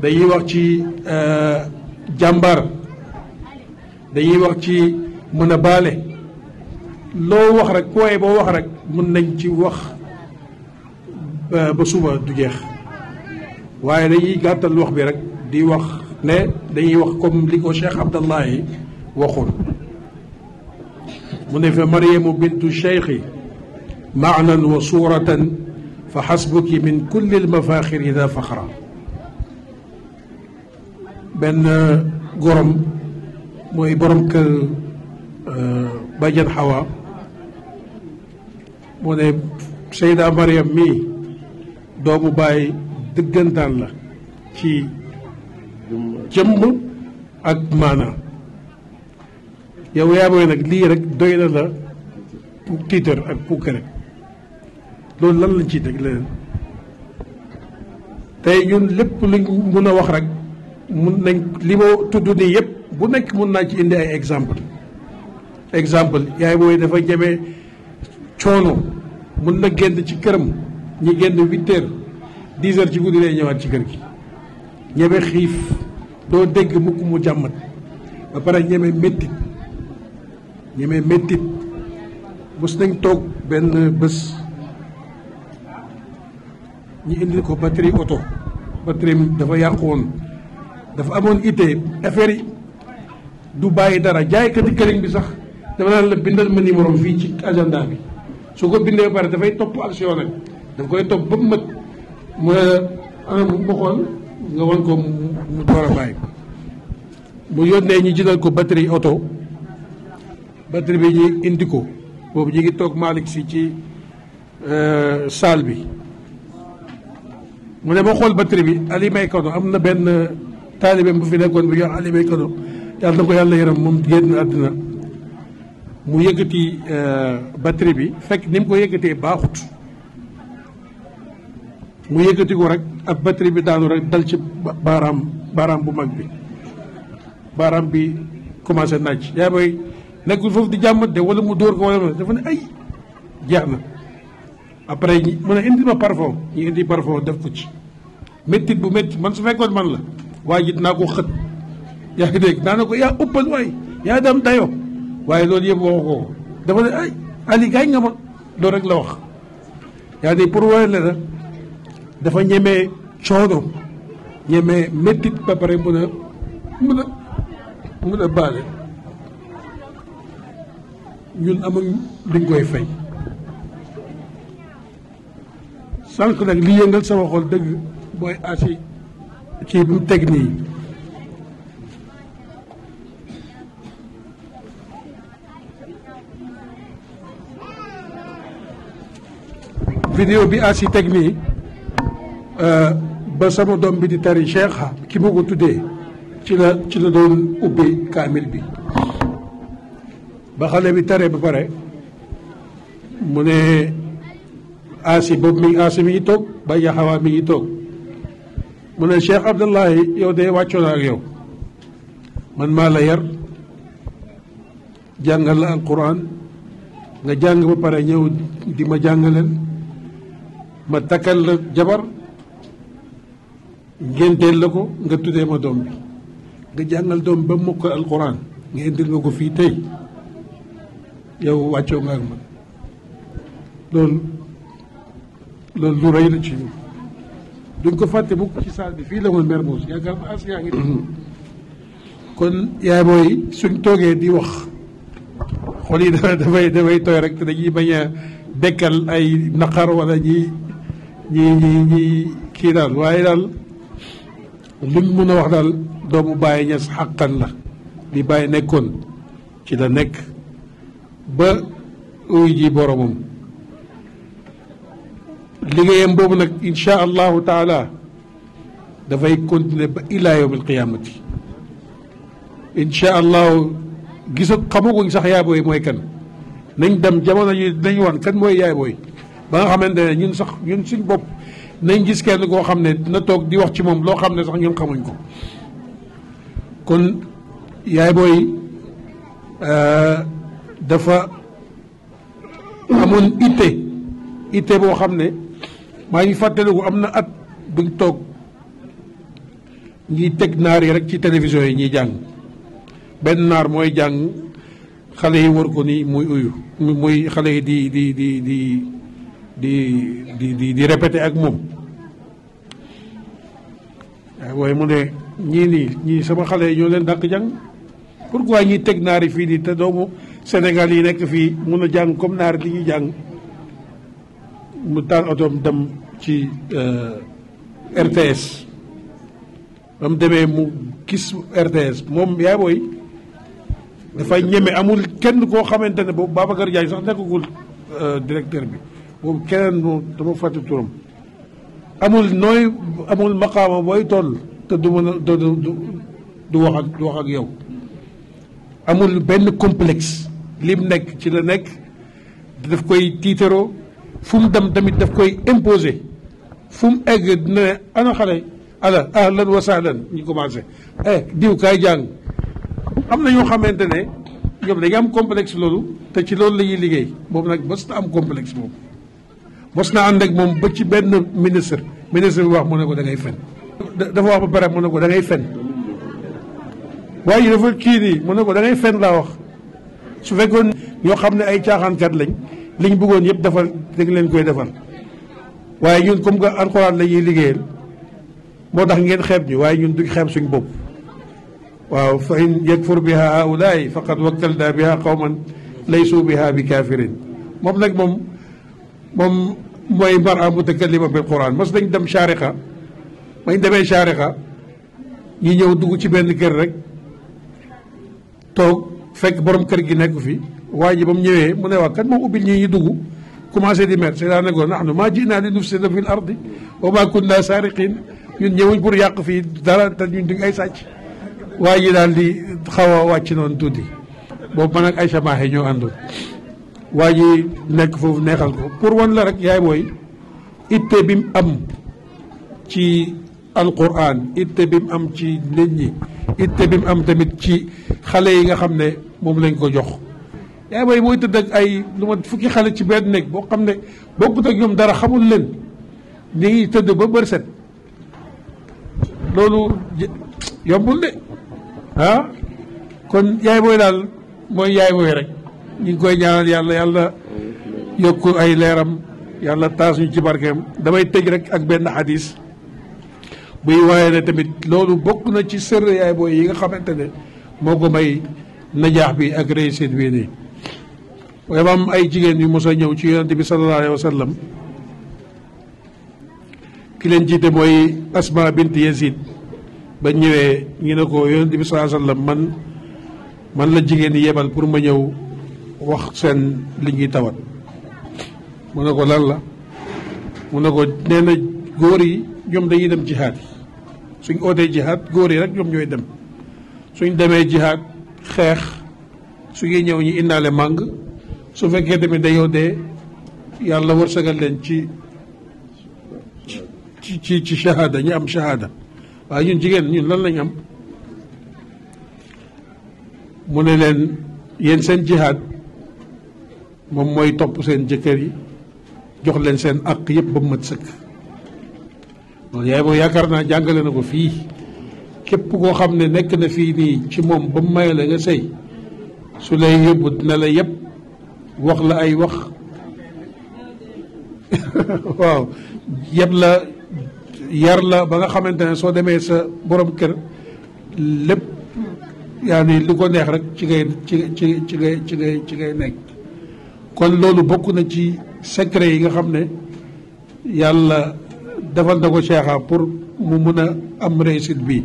Speaker 2: dañuy wax ci euh, jàmbar dañuy wax ci mën a baale loo wax rek kooye boo wax rek mën nañ ci wax ba suba du jeex waaye dañuy gàttal wax bi rek di wax ne dañuy wax comme li ko Cheikh Abdallahi waxoon mu ne fa Mariamu bintu Cheikh yi maanan wa suuratan fa xasbuki min kulli almafaaxir ida faxra benn gorom mooy borom kër bajan xawa mu ne Seyda Mariam mii doomu bàyyi dëggantaan la ci jëmm ak maana yow yaa mooy nag lii rek doy na la pour tiitar ak pour kër loolu lan lañ ciy teg leneen tey ñun lépp luñ mun a wax rek mun nañ li ma tudd nii yëpp bu nekk mun naa ci indi ay exemple exemple yaay booy dafa jamee coono mun na génn ci këram ñu génn huit heures dix heures ci guddi lay ñëwaat ci kër gi ñeme xiif doo dégg mukk mu jàmmat ba pare ñeme méttit ñeme méttit mos nañ toog benn bés ñu indil ko batterie oto batterie dafa yàqu woon dafa amoon ittee affaire yi du bàyyi dara jaaykati këriñ bi sax dama naan la bindal ma numéro fii ci agenda bi soo ko bindee ba pare dafay topp action nag da koy topp ba mu mat mu ne ah, anam ko mu door a ñu jëndal ko batterie oto batterie bi ñu indi ko boobu ñu ngi toog Malick si ci euh, salle bi mu ne ma xool batterie bi Ali May am na benn taalibeem bu fi nekkoon bi yor Ali May yàlla na ko yàlla yaram moom génn àddina mu yëkkati euh, batterie bi fekk ni mu ko yëkkatee baaxut mu yëkkati ko rek ak batterie bi daanu rek dal ci baaraam baaraam bu mag bi baaraam bi commencé naaj yaa may nekkul foofu di jàmmat de wala mu dóor ko wala dafa ne ay jeex na après mu ne indi ma parfum ñu indi parfum def ko ci méttit bu métti man su fekkoon man la waaye ji dinaa ko xët yaa ngi dégg naa ne ko yaa ëppal waay yaa dem dayoo waaye loolu yëpp waxu ko dafa ne ay Ali gaañ nga ma loolu rek la wax yaa ngi pour wone la dafa ñemee coono ñemee méttit ba pare mun a mun a mun a baale ñun amuñ liñ koy fay sànq nag li yëngal sama xol dëgg mooy asi kii bu teg nii bi asi teg nii euh, ba sama doom bi di tari Cheikh ki ma tuddee ci ci la doon ubbi kaamil bi ba xale bi tare ba pare mu ne aasi boobu mi ngi aasi mi ngi toog ba yaxawaa mi ngi toog mu ne Cheikh Abdullahi yow de wàccoon ak yow man maa la yar jàngal la alquran nga jàng ba pare ñëw di ma jàngaleel ma takkal la jabar ngénteel la ko nga tuddee ma doom bi nga jàngal doom ba mokk alquran nga indil ma ko fii tey yow wàccoo nga ak man loolu loolu lu rëy la ci ñun duñ ko fàtte mukk ci saal bi fii la woon Mermoz yaakaar naa as yaa kon yaay mooy suñ toogee di wax xool yi dafay dafay tooy rek dañuy bañ a dekkal ay naqar wala ñi ñi ñi ñi kii daal waaye daal luñ mën a wax daal doomu Baye Niass xàqan la di Baye nekkoon ci la nekk ba uy ji boromam liggéeyam boobu nag insha allahu taala dafay continuer ba ilaa yawm alqiyamati insha allahu gisa xamaguñ sax yaay booy mooy kan nañ dem jamono yi nañ wan kan mooy yaay booy ba nga xamante ne ñun sax ñun suñ bopp nañ gis kenn koo xam ne dina toog di wax ci moom loo xam ne sax ñun xamuñ ko kon yaay booy euh, dafa amoon itte itte boo xam ne maa ngi fàttaliku am na at buñ toog ñuy teg naar yi rek ci télévision yi ñuy jàng benn naar mooy jàng xale yi war ko ni muy uyu muy xale yi di di di di di di di répété ak moom waaye mu ne ñii nii ñii sama xale yi ñoo leen dàq jàng pourquoi ñuy teg naar yi fii nii te doomu Sénégal yi nekk fii mun a jàng comme naar li ñuy jàng mu taal otoom dem ci euh, RTS ba mu demee mu gis RTS moom yaay booy dafay ñeme amul kenn koo xamante ne boobu Babacar Diagne sax nekkagul euh, directeur bi boobu keneen moom dama fàtte turam amul nooy amul maqaama booy toll te du mën a du du wax ak du wax ak yow amul benn complexe lim nekk ci la nekk daf koy tiitaroo fu mu dem tamit daf koy imposer fu mu egg dina ne ana xale yi ala ahlan wa sahlan ñu commencé eh diw kaay jàng am na ñoo xamante ne ñoom dañuy am complexe loolu te ci loolu lañuy liggéey moom nag mos na am complexe moom mos na ànd ak moom ba ci benn ministre ministre bi wax mu ne ko da ngay fen pare mu ne ko da ngay fen kii nii mu ne ko da fen laa wax su fekkoon ñoo xam ne ay caaxaankat lañ liñ buggoon yëpp defal dañ leen koy defal waaye ñun comme que alxuraan la ñuy liggéeyal moo tax ngeen xeeb ni waaye ñun duñ xeeb suñ bopp waaw fa in yakfur biha haulaay faqad waktalna biha qawman laysu biha bi kafirin moom nag moom moom mooy mara mutakallima bil quran mas nañ dem moo bañ demee chariqa ñi ñëw dugg ci benn kër rek toog fekk borom kër gi nekk fi waa ji ba mu mu ne waa kan moom ubbil ñii dugg commencé di mer seytaane ne ko nahnu maa ji'naa li nufsida fil ardi wa maa kunnaa saariqiin ñun ñëwuñ pour yàq fii dara te ñun duñ ay sàcc waa ji daal di xaw a wàcc noonu tuuti boobu man ak Aïcha Mahe ñoo àndoon waa ji nekk foofu neexal ko pour wan la rek yaay booy itte bi mu am ci alquran itte bi mu am ci nit ñi itte bi mu am tamit ci xale yi nga xam ne moom lañ ko jox yaa may mooy tëdd ak ay lu ma fukki xale ci benn néeg boo xam ne bokkut ak ñoom dara xamul leen ñu ngi tëdd ba bër set loolu yombul de ah kon yaay booy daal mooy yaay booy rek ñu ngi koy ñaanal yàlla yàlla yokk ay leeram yàlla taas ñu ci barkeem damay tëj rek ak benn xadis buy waaye ne tamit loolu bokk na ci sër yaay booy yi nga xamante ne moo ko may najaax bi ak réussite bii nii dafa am ay jigéen yu mos ñëw ci yonent bi sallallahu alayhi wa ki leen jiite mooy Asma bint Yazid ba ñëwee ñu ne ko yonent bi sallallahu alayhi man man la jigéen yi yebal pour ma ñëw wax seen li ñuy tawat mu ne ko lan la mu ne ko nee na góor yi ñoom dañuy dem jihaad suñ ootee jihaad góor yi rek ñoom ñooy dem suñ demee jihaad xeex su ñuy ñëw ñu indaale màng su fekkee tamit dañoo dee yàlla wërsëgal leen ci ci ci ci shahada ñu am shahada waaye ñun jigéen ñun lan lañ am mu ne leen yéen seen jihaad moom mooy topp seen jëkkër yi jox leen seen àq yëpp ba mu mat sëkk yaay moom yaakaar naa jàngale na ko fii képp koo xam ne nekk na fii nii ci moom ba mu maye la nga sëy su lay yóbbu dina la yëpp wax la ay wax waaw yeb la yar la ba nga xamante ne soo demee sa boroom kër lépp yaa ni lu ko neex rek ci ngay ci ci ci ngay ci ngay ci ngay nekk kon loolu bokk na ci secret yi nga xam ne yàlla defal na ko Cheikha pour mu mun a am réussite bi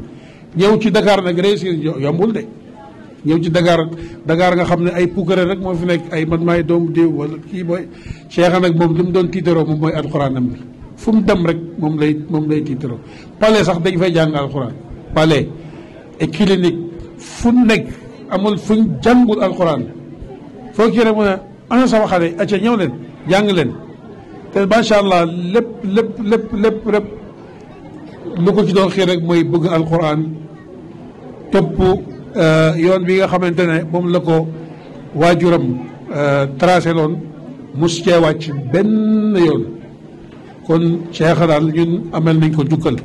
Speaker 2: ñëw ci Dakar nag réussite yombul de yow ci Dakar dagaar nga xam ne ay puukare rek moo fi nekk ay man maay doomu diw wala kii mooy Cheikh nag moom li mu doon tiitaroo moom mooy alxuraanam bi fu mu dem rek moom lay moom lay tiitaroo palais sax dañ fay jàng alxuraan pale et clinique nekk amul fu jàngul alxuraan foo kii rek mu ñëw leen jàng leen macha allah lépp lépp lépp lépp lépp ko ci doon xëy rek mooy bëgg alxuraan topp Euh, yoon bi nga xamante ne moom la ko waajuram euh, tracé loon mus cee wàcc benn yoon kon Cheikh daal ñun amel nañ ko jukkal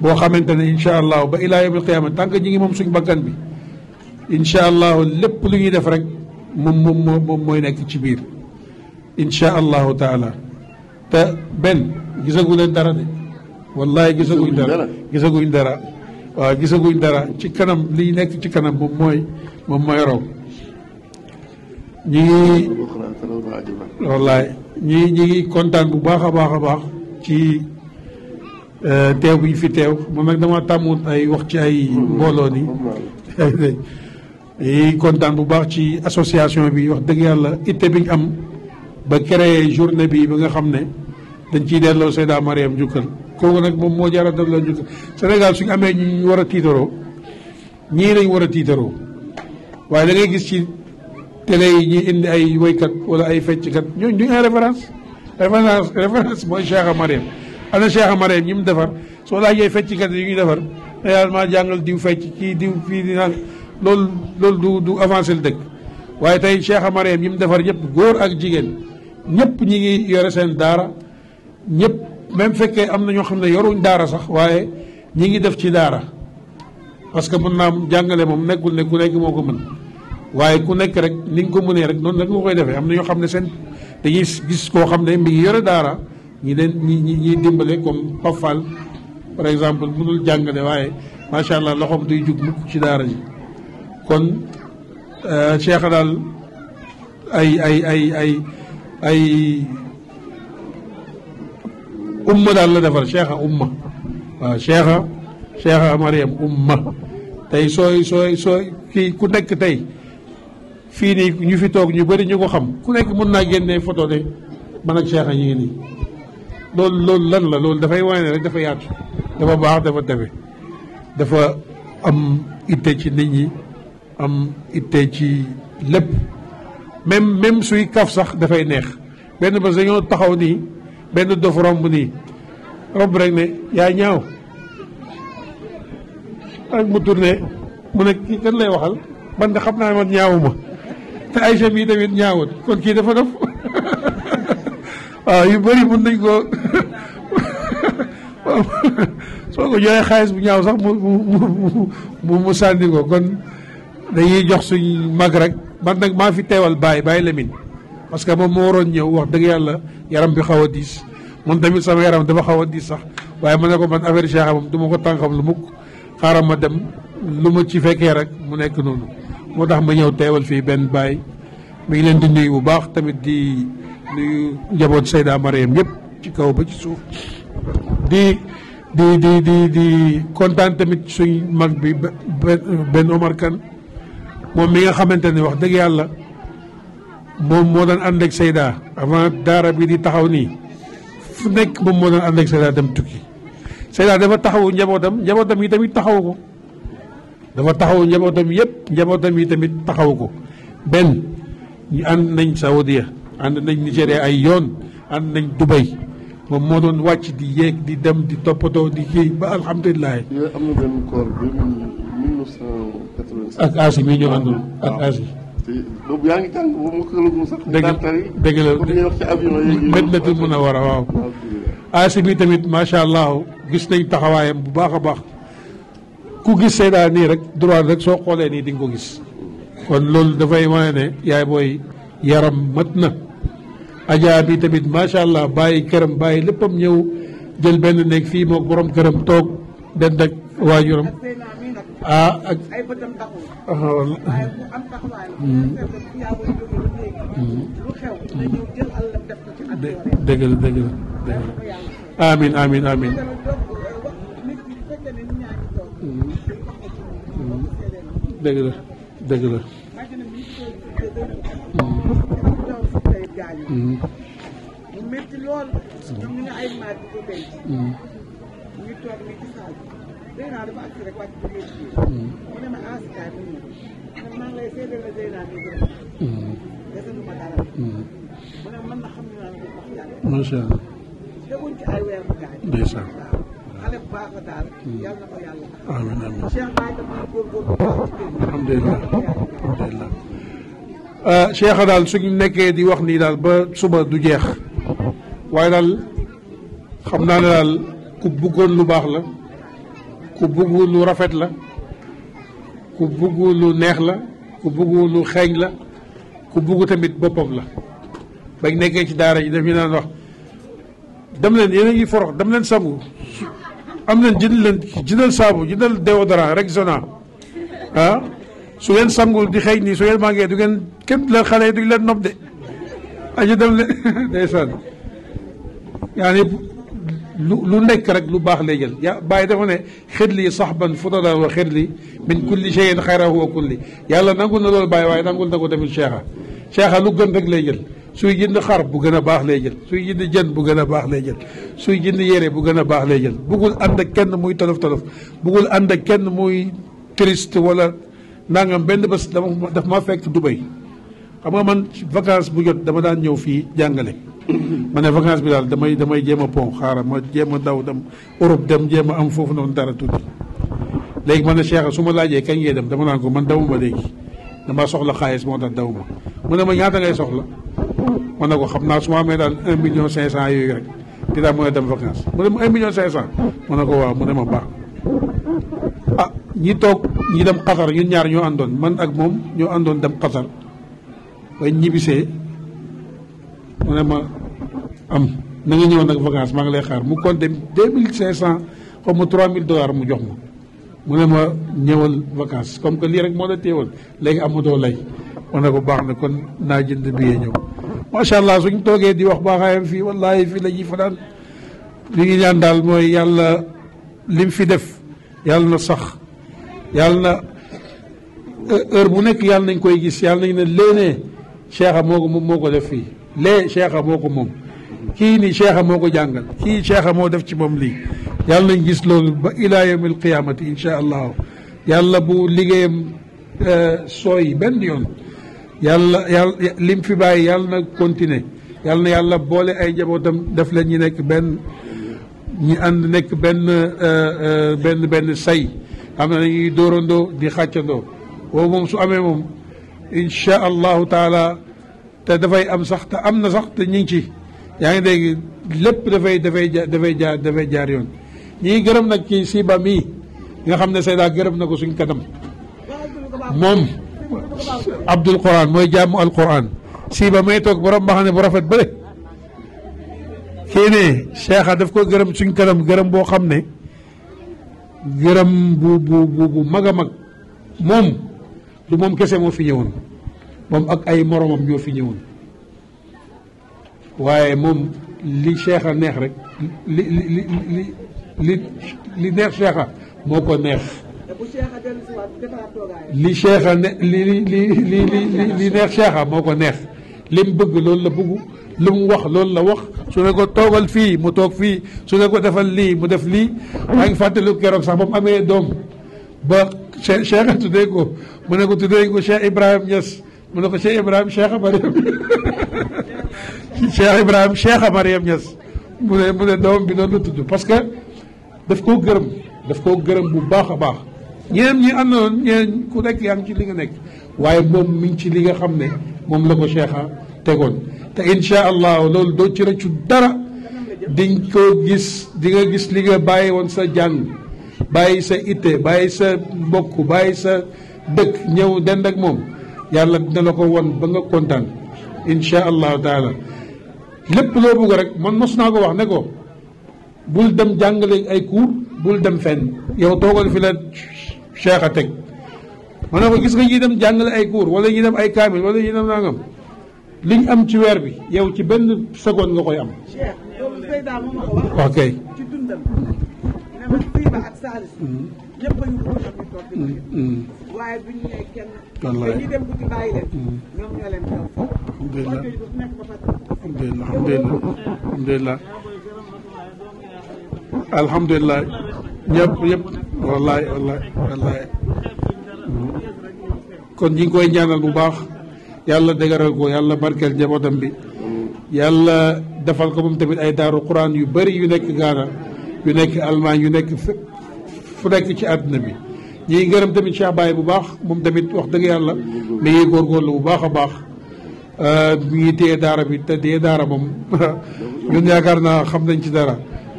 Speaker 2: boo xamante ne incha allah ba ilaa yawmil qiyaama tant que ñu ngi moom suñ bakkan bi incha allah lépp lu ñuy def rek moom mooy nekk ci biir incha allahu taala te benn gisagu leen dara de wallahi gisaguñ dara gisaguñ dara waa gisaguñ dara ci kanam li nekk ci kanam moom mooy moom mooy raw ñi ngi wallaay kontaan bu baax a baax a baax ci euh, teew bi ñu fi teew moom nag dama tàmmut ay wax ci ay mbooloo ni ñi kontaan bu baax ci association bi wax dëgg yàlla itte bi ñu am ba créé journée bi ba nga xam ne dañ ciy delloo Seyda Mariam Jukkal kooku nag moom moo jaara dara la njëkk Sénégal suñu amee ñu war a tiitaroo ñii lañ war a tiitaroo waaye da ngay gis ci télé yi ñuy indi ay woykat wala ay fecckat ñooñu duñ ay référence référence référence mooy Cheikh Mariam ana mu defar soo laajee fecckat yi ñuy defar réellement jàngal diw fecc kii diw fii di naan loolu loolu du du avancé le dëkk waaye tey Cheikh Mariam ñi mu defar ñëpp góor ak jigéen ñëpp ñi ngi yore seen daara ñëpp même fekkee am na ñoo xam ne yoruñ daara sax waaye ñi ngi def ci daara parce que mën naa jàngale moom nekkul ne ku nekk moo ko mën waaye ku nekk rek ni nga ko mënee rek noonu rek nga koy defee am na ñoo xam ne seen dañuy gis koo xam ne mi ngi yore daara ñi leen ñi ñi ñiy dimbale comme Pafal par exemple mënul jàngale waaye macha allah loxoom duy jug mukk ci daara ji kon euh, Cheikh daal ay ay ay ay umma daal la defar cheikha umma waaw cheikha cheikha mariam umma tey sooy sooy sooy kii ku nekk tey fii nii ñu fi toog ñu bëri ñu ko xam ku nekk mën naa génne foto de man ak cheikha ñu ngi nii loolu loolu lan la loolu dafay wane rek dafa yaatu dafa baax dafa tabe dafa am itte ci nit ñi am itte ci lépp même même suy kaf sax dafay neex benn bés dañoo taxaw nii benn dof romb nii romb rek ne yaay ñaaw ak mu tourné mu ne kii kan lay waxal man de xam naa man ma te ay sami tamit ñaaw kon kii dafa dof waaw yu bëri mën nañ soo ko joxee xaalis bu ñaaw sax mu mu mu mu sànni ko kon dañuy jox suñ mag rek man nag maa fi teewal Baye Baye Lamine. parce que moom moo waroon ñëw wax dëgg yàlla yaram bi xaw a diis man tamit sama yaram dafa xaw a diis sax waaye ma ne ko man affaire Cheikh moom ko tànqam lu mukk xaaral ma dem lu ma ci fekkee rek mu nekk noonu moo tax ma ñëw teewal fii benn baay mu ngi leen di nuyu bu baax tamit di nuyu njaboot Seyda Mariam yëpp ci kaw ba ci suuf di di di di di kontaan tamit suñ mag bi benn Omar Kane moom mi nga xamante ne wax dëgg yàlla moom moo daan ànd ak Seyda avant daara bi di taxaw nii fu nekk moom moo daan ànd ak Seyda dem tukki Seyda dafa taxawu njabootam njabootam yi tamit taxawu ko dafa taxawu njabootam yëpp njabootam yi tamit taxawu ko benn ñu ànd nañ Saoudia ànd nañ Nigéria ay yoon ànd nañ Dubai moom moo doon wàcc di yéeg di dem di toppatoo di kii ba alhamdulilah. am na benn koor bi ak Asi mi ñu àndoon ak Asi.
Speaker 1: te boobu yaa ngi jàng
Speaker 2: a war a dëgg tamit macha allah gis nañ taxawaayam bu baax a baax ku gis Seyda nii rek droit rek soo xoolee nii di nga ko gis. kon loolu dafay wane ne yaay booy yaram mat na. Adja bi tamit macha allah bàyyi këram bàyyi léppam ñëw jël benn néeg fii mook borom këram toog dend ak waajuram. ah ak ay bëtam taxul waaye oh. bu am taxawaay la hmm.
Speaker 5: hmm. lu
Speaker 4: xew hmm. Zeyna dafa agsi rek wàcc bu ngeen jiw. mu ne ma aasikaay mu ñëw. man maa ngi lay seedeel na Zeyna di gërëm. desalu ma dara. mu ne man na xam naa ne wax yàlla. macha allah. teguñ ci ay weer bu gaañ.
Speaker 2: ndeysaan. xale bu baax a daal. yàlla na ko yàlla. amiin amiin Cheikh
Speaker 4: Baye damaa góorgóorlu baax
Speaker 2: ci alhamdulilah alhamdulilah. Cheikh daal suñu nekkee di wax nii daal ba suba du jeex waaye daal xam naa ne daal ku bëggoon lu baax la. ku bugg lu rafet la ku bugg lu neex la ku bugg lu xeeñ la ku bugg tamit boppam la bañ nekkee ci daara ji dañu naan wax dem leen yéen a ngi forox dem leen sangu am leen jënd leen jëndal saabu jëndal déodorant Rexona ah su ngeen sangul di xeeñ nii su ngeen màngee du ngeen kenn du leen xale yi du leen nopp de aji dem leen ndeysaan lu lu nekk rek lu baax lay jël yaa bàyyi dafa ne xirli saxban fudala wa xirli min kulli cheyin xayrahu wa kulli yàlla nangul na loolu bàyyi waaye nangul na ko tamit cheikha cheikha lu gën rek lay jël suy jënd xar bu gën a baax lay jël suy jënd jën bu gën a baax lay jël suy jënd yére bu gën a baax lay jël bugul ànd ak kenn muy tolof-tolof bugul ànd ak kenn muy triste wala nangam benn bés dama daf maa fekk Dubai xam nga man vacance bu jot dama daan ñëw fii jàngale ma ne vacance bi daal damay damay jéem a pont xaaral ma jéem a daw dem Europe dem jéem a am foofu noonu dara tuuti léegi ma ne Cheikh su ma laajee kañ ngay dem dama naan ko man dawuma léegi dama soxla xaalis moo tax dawuma mu ne ma ñaata ngay soxla ma ne ko xam naa su ma amee daal un million cinq cent yooyu rek dinaa mën a dem vacance mu ne ma un million cinq cent ma ne ko waaw mu ne ma baax ah ñi toog ñi dem Qatar ñun ñaar ñoo àndoon man ak moom ñoo àndoon dem Qatar ba mu ne ma am na nga nag vacances maa ngi lay xaar mu compté deux mille cinq cent xaw ma trois mille dollars mu jox ma mu ne ma ñëwal vacances comme que lii rek moo la téewal léegi amatoo lay ma ne ko baax na naa jënd billet ñëw macha allah suñ toogee di wax baaxaayam fii wallahi fii la ñuy fanaan li ngi ñaan daal mooy yàlla lim fi def yàlla na sax yàlla na heure bu nekk yàlla nañ koy gis yàlla nañ ne léenee Cheikh moo ko moo ko def fii lee cheikha moo ko moom kii nii cheikha moo ko jàngal kii cheikha moo def ci moom lii yàlla nañ gis loolu ba ilaa yawmil qiyaamati insha allahu yàlla bu liggéeyam euh, sooy benn yoon yàlla yàlla lim fi bàyyi yàlla na continuer yàlla na yàlla boole ay njabootam def leen ñu nekk benn ñi ànd nekk benn euh, euh, benn benn say xam na dañuy dóorandoo di xàccandoo boobu moom su amee moom incha allahu taala te dafay am sax am na sax te ñu ngi ci yaa ngi dégg lépp dafay dafay dafay jaar dafay jaar yoon ñii gërëm nag ci siiba mii nga xam ne Seyda gërëm na ko suñ kanam moom abdul quran mooy jaamu al quran siiba may toog borom ba xam ne bu rafet bële kii ne cheikha daf ko gërëm suñ kanam gërëm boo xam ne gërëm bu bu mag a mag moom du moom kese moo fi ñëwoon moom ak ay moromam ñoo fi ñëwoon waaye moom li Cheikh a neex rek li li li li li neex Cheikh moo ko neex li Cheikh ne li li li li neex Cheikh moo ko neex li mu bëgg loolu la bëggu lu mu wax loolu la wax su ne ko toogal fii mu toog fii su ne ko defal lii mu def lii maa ngi fàttaliku keroog sax ba mu amee doom ba Cheikh a tuddee ko mu ne ko tuddee ko Cheikh Ibrahima Niass mu ne ko Cheikh Ibrahima Cheikh Mariam Cheikh Ibrahima Cheikh Mariam Niass mu ne mu ne doom bi noonu la tudd parce que daf koo gërëm daf koo gërëm bu baax a baax ñeneen ñi àndoon ñeneen ku nekk yaa ngi ci li nga nekk waaye moom mi ngi ci li nga xam ne moom la ko Cheikh a tegoon te incha loolu doo ci rëccu dara diñ ko gis di nga gis li nga bàyyi sa jàng bàyyi sa itte bàyyi sa mbokk bàyyi sa dëkk ñëw dend ak moom yàlla dina la ko won ba nga kontaan insha allahu taala lépp loo bëgg rek man mos naa ko wax ne ko bul dem jàngale ay cours bul dem fenn yow toogal fi la cheikh a teg ma ne ko gis nga ñi dem jàngale ay cours wala ñi dem ay kaamil wala ñi dem nangam li ñu am ci weer bi yow ci benn seconde nga koy am
Speaker 4: ok ñëpp a ñu ko
Speaker 2: mm, mm. ñu mm. alhamdulilah
Speaker 1: alhamdulilah alhamdulilah
Speaker 2: ñëpp ñëpp wallaay wallaay kon ñu koy ñaanal bu baax yàlla dëgëral ko yàlla barkeel njabootam bi yàlla defal ko moom tamit ay daaru quran yu bari yu nekk Gaana yu nekk Allemagne yu nekk fu nekk ci àdduna bi ñuy gërëm tamit Cheikh Baye bu baax moom tamit wax dëgg yàlla mi ngi góorgóorlu bu baax a baax mu euh, ngi téye daara bi te di daara moom ñun yaakaar naa xam nañ ci dara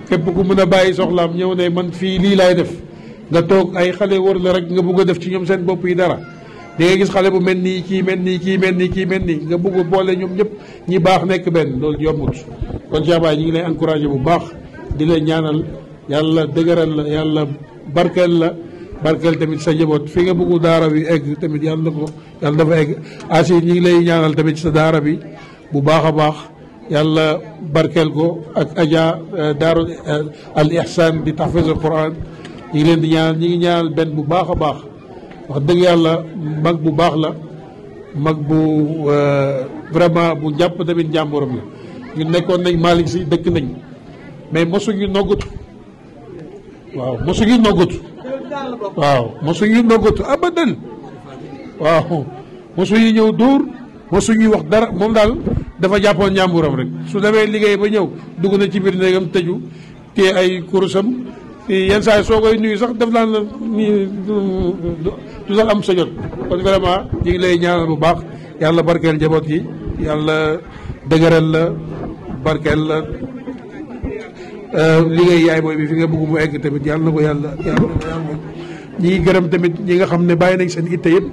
Speaker 2: képp ku mën a bàyyi soxlaam ñëw ne man fii lii laay def nga toog ay xale wër la rek nga bugg a def ci ñoom seen bopp yi dara da ngay gis xale bu mel nii kii mel nii kii mel nii kii mel nii nga bugg boole ñoom ñëpp ñi baax nekk benn loolu yombut kon Cheikh Baye ñu ngi lay encouragé bu baax di la ñaanal yàlla dëgëral la yàlla barkeel la barkeel tamit sa njaboot fi nga bëggu daara bi egg tamit yàlla na ko yàlla dafa egg asi ñi ngi lay ñaanal tamit sa daara bi bu baax a baax yàlla barkel ko ak aja euh, daaru euh, al ihsan bi tahfiz al quran ñi ngi leen di ñaanal ñi ngi ñaanal benn bu baax a baax wax dëgg yàlla mag bu baax la mag bu euh, vraiment bu jàpp tamit njàmboram la ñu nekkoon nañ Malick si dëkk nañ mais mosuñu noggatu waaw mosu ngi noggatu waaw mosu ngi noggatu abadan waaw mosu yi ñëw dóor mosu ñuy wax dara moom daal dafa jàppoon ñàmburam rek su demee liggéey ba ñëw dugg na ci biir néegam tëju te ay kurusam yenn saa soo koy nuyu sax def laan la nii sax am sa jot kon vraiment ñu ngi lay ñaanal bu baax yàlla barkeel njaboot yi yàlla dëgëral la barkeel la Euh, liggéey yaay booy bi fi nga bëgg mu egg tamit yàlla na ko yàlla yàlla gërëm tamit ñi nga xam ne bàyyi nañ seen itte yëpp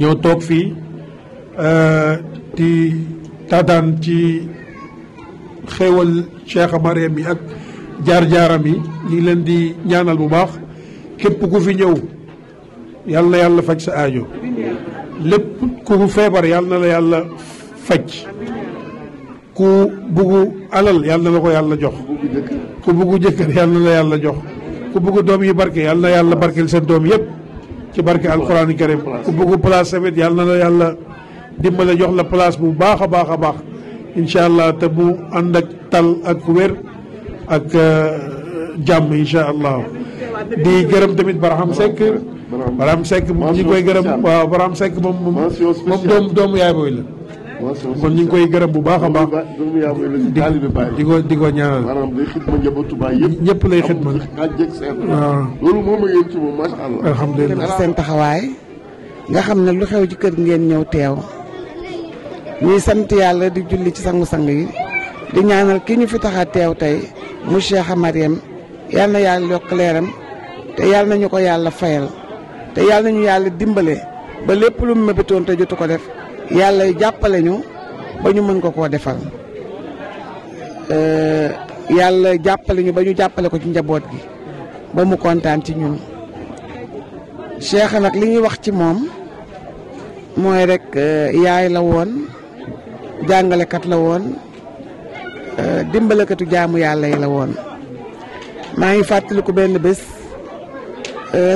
Speaker 2: ñoo toog fii euh, di taataan ci xéewal Cheikh Mariam yi ak jaar-jaaram yi ñi leen di ñaanal bu baax képp ku fi ñëw yàlla na yàlla faj sa aajo lépp ku feebar yàlla na la yàlla faj ku buggu alal yàlla na ko yàlla jox ku buggu jëkkër yàlla na la yàlla jox ku buggu doom yi barke yàlla na yàlla barkeel seen doom yëpp ci barke alquraan karim ku buggu place tamit yàlla na la yàlla dimbale jox la place bu baax a baax a baax incha allah te bu ànd ak tal ak wér ak euh, jàmm incha allah di gërëm tamit Barham Seck Barham Seck moom ñi koy gërëm waaw Barham Seck moom moom moom doom doomu yaay booy la
Speaker 1: kon ñu ngi koy gërëm bu baax a baax. di ko di ko ñaanal. maanaam day xitma njabootu baay yëpp. ñëpp lay xitma. waaw loolu moom la yéen ci moom seen
Speaker 4: taxawaay. nga xam ne lu xew ci kër ngeen ñëw teew. ñuy sant yàlla di julli ci sangu-sang yi. di ñaanal ki ñu fi tax a teew tey mu Cheikh Mariam yàlla na yàlla yokk leeram te yal na ñu ko yàlla fayal te yal na ñu yàlla dimbale ba lépp lu mu mébétoon te jotu ko def. yàlla jàppale ñu ba ñu mën ko koo defal euh, yàlla jàppale ñu ba ñu jàppale ko ci njaboot gi ba mu kontaan ci ñun Cheikh nag li ñuy wax ci moom mooy rek euh, yaay la woon jàngalekat la woon euh, dimbalekatu jaamu yàlla yi la woon maa ngi fàttaliku benn bés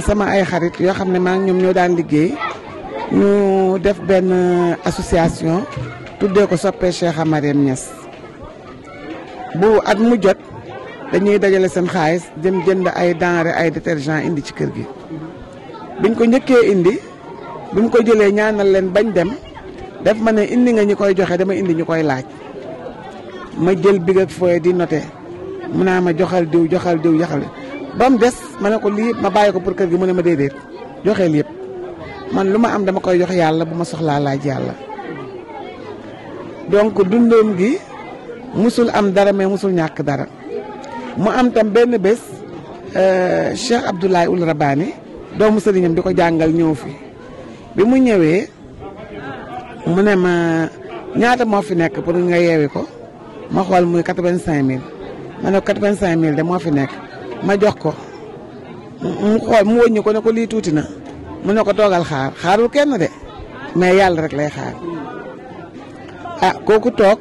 Speaker 4: sama ay xarit yoo xam ne maa ngi ñoom ñoo daan liggéey ñu def benn association tuddee ko soppee Cheikha Mariam Niass bu at mu jot dañuy dajale seen xaalis jëm jënd ay denrées ay détergent indi ci kër gi biñ ko njëkkee indi bi mu ko jëlee ñaanal leen bañ dem def ma ne indi nga ñi koy joxe dama indi ñu koy laaj ma jël big ak fooy di noté mun naa ma joxal diw joxal diw yaxal ba mu des ma ne ko lii ma bàyyi ko pour kër gi mu ne ma déedéet joxeel yëpp man lu ma am dama koy jox yàlla bu ma soxlaa laaj yàlla donc dundoom gi musul am dara mais musul ñàkk dara mu am tam benn bés euh, Cheikh Abdoulaye Ould Rabbani doomu sëriñam di ko jàngal ñëw fi bi mu ñëwee mu ne ma ñaata moo fi nekk pour nga yeewi ko ma xool muy quatre-vingt-cinq mille ma ne ko quatre-vingt-cinq mille de moo fi nekk ma jox ko mu xool mu wëññi ko ne ko lii tuuti na mu ne ko toogal xaar xaarul kenn de mais yàlla rek lay xaar ah kooku toog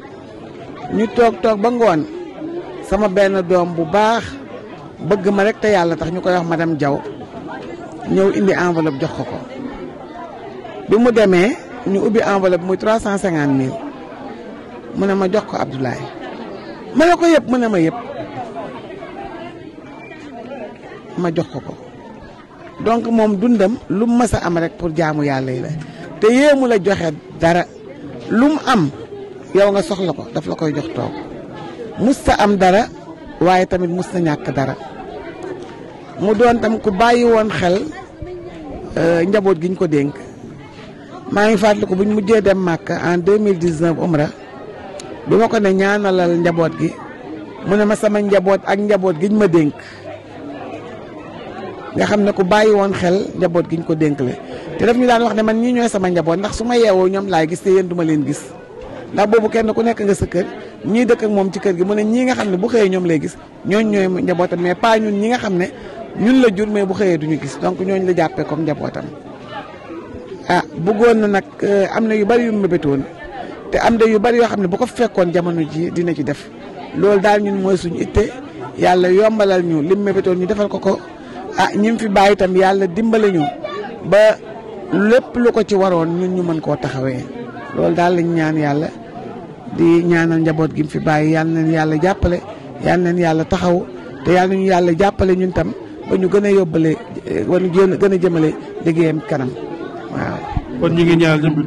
Speaker 4: ñu toog toog ba ngoon sama benn doom bu baax bëgg ma rek te yàlla tax ñu koy wax dem Diaw ñëw indi enveloppe jox ko ko bi mu demee ñu ubbi enveloppe muy trois cent cinquante mille mu ne ma jox ko Abdoulaye ma ne ko yëpp mu ne ma yëpp ma jox ko ko. donc moom dundam lu mu mës a am rek pour jaamu yàlla yi la te yéemu la joxe dara lu mu am yow nga soxla ko daf la koy jox toog mus ta am dara waaye tamit mus na ñàkk dara mu doon tam ku bàyyi woon xel euh, njaboot gi ñu ko dénk maa ngi ko bu ñu mujjee dem màkk en mille 2019 umra bi ma ko ne ñaanalal njaboot gi mu ne ma sama njaboot ak njaboot gi ñu ma dénk nga xam ne ku bàyyi woon xel njaboot gi ñu ko dénkale te daf ñu daan wax ne man ñii ñooy sama njaboot ndax su ma yeewoo ñoom laay gis te yéen duma leen gis ndax boobu kenn ku nekk nga sa kër ñii dëkk ak moom ci kër gi mu ne ñii nga xam ne bu xëyee ñoom lay gis ñooñ ñooy njabootam mais pas ñun ñi nga xam ne ñun la jur mais bu xëyee du duñu gis donc ñooñ la jàppee comme njabootam ah bëggoon na nag euh, am na yu bari yu mébétoon te am na yu bari yoo xam ne bu ko fekkoon jamono ji dina ci def loolu daal mooy suñu itte yàlla yombalal ñu lim mébétoon ñu defal ko ko ah ñim fi bàyyi tam yàlla dimbale ñu ba lépp lu ko ci waroon ñun ñu mën koo taxawee loolu daal lañ ñaan yàlla di ñaanal njaboot gi mu fi bàyyi yàlla nañ yàlla jàppale yàlla nañ yàlla taxaw te yàlla nañu yàlla jàppale ñun tam ba ñu gën a yóbbale ba ñu gën a jëmale liggéeyam kanam
Speaker 2: waaw. kon ñu ngi ñaanal dimbi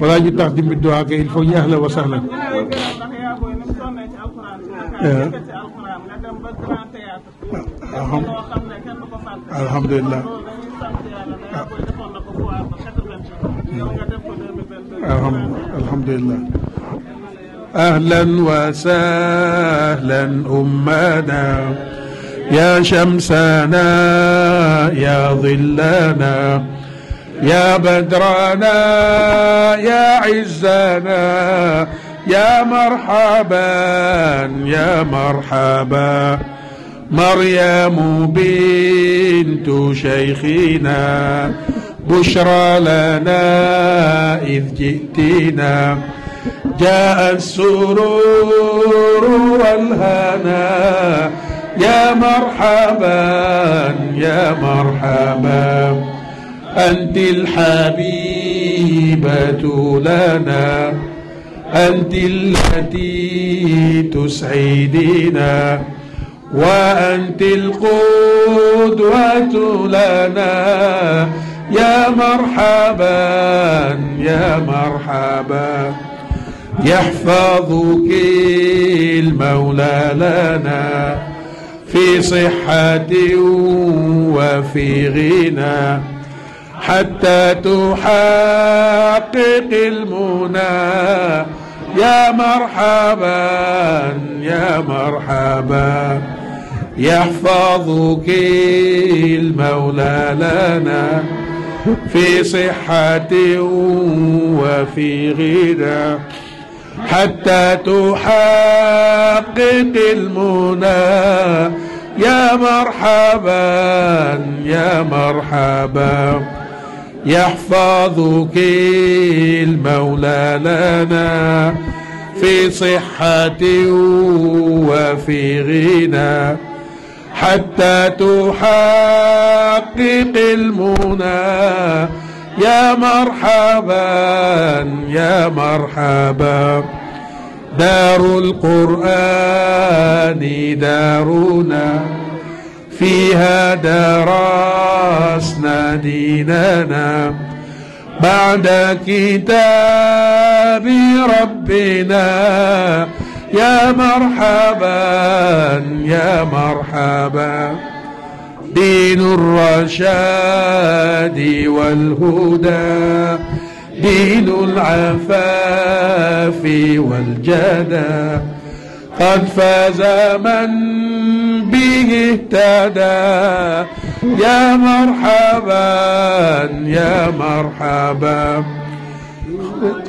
Speaker 2: balaa ñu tax dimbi duwaa kay il faut ñu ahlan wa sahlan euh, alhamdulilah alhamdulilah ahlan wa sahlan ummana ya shamsana ya dhillana ya badrana ya izzana يا مرحبا يا مرحبا مريم بنت شيخنا بشرى لنا إذ جئتنا جاء السرور والهنا يا مرحبا يا مرحبا أنت الحبيبة لنا أنت التي تسعدنا وأنت القدوة لنا يا مرحبا يا مرحبا يحفظك المولى لنا في صحة وفي غنى حتى تحقق المنى يا مرحبا يا مرحبا يحفظك المولى لنا في صحة وفي غنى حتى تحقق المنى يا مرحبا يا مرحبا يحفظك المولى لنا في صحة وفي غنى حتى تحقق المنى يا مرحبا يا مرحبا دار القرآن دارنا فيها درسنا ديننا بعد كتاب ربنا يا مرحبا يا مرحبا دين الرشاد والهدى دين العفاف والجدى قد فاز من به اهتدى يا مرحبا يا مرحبا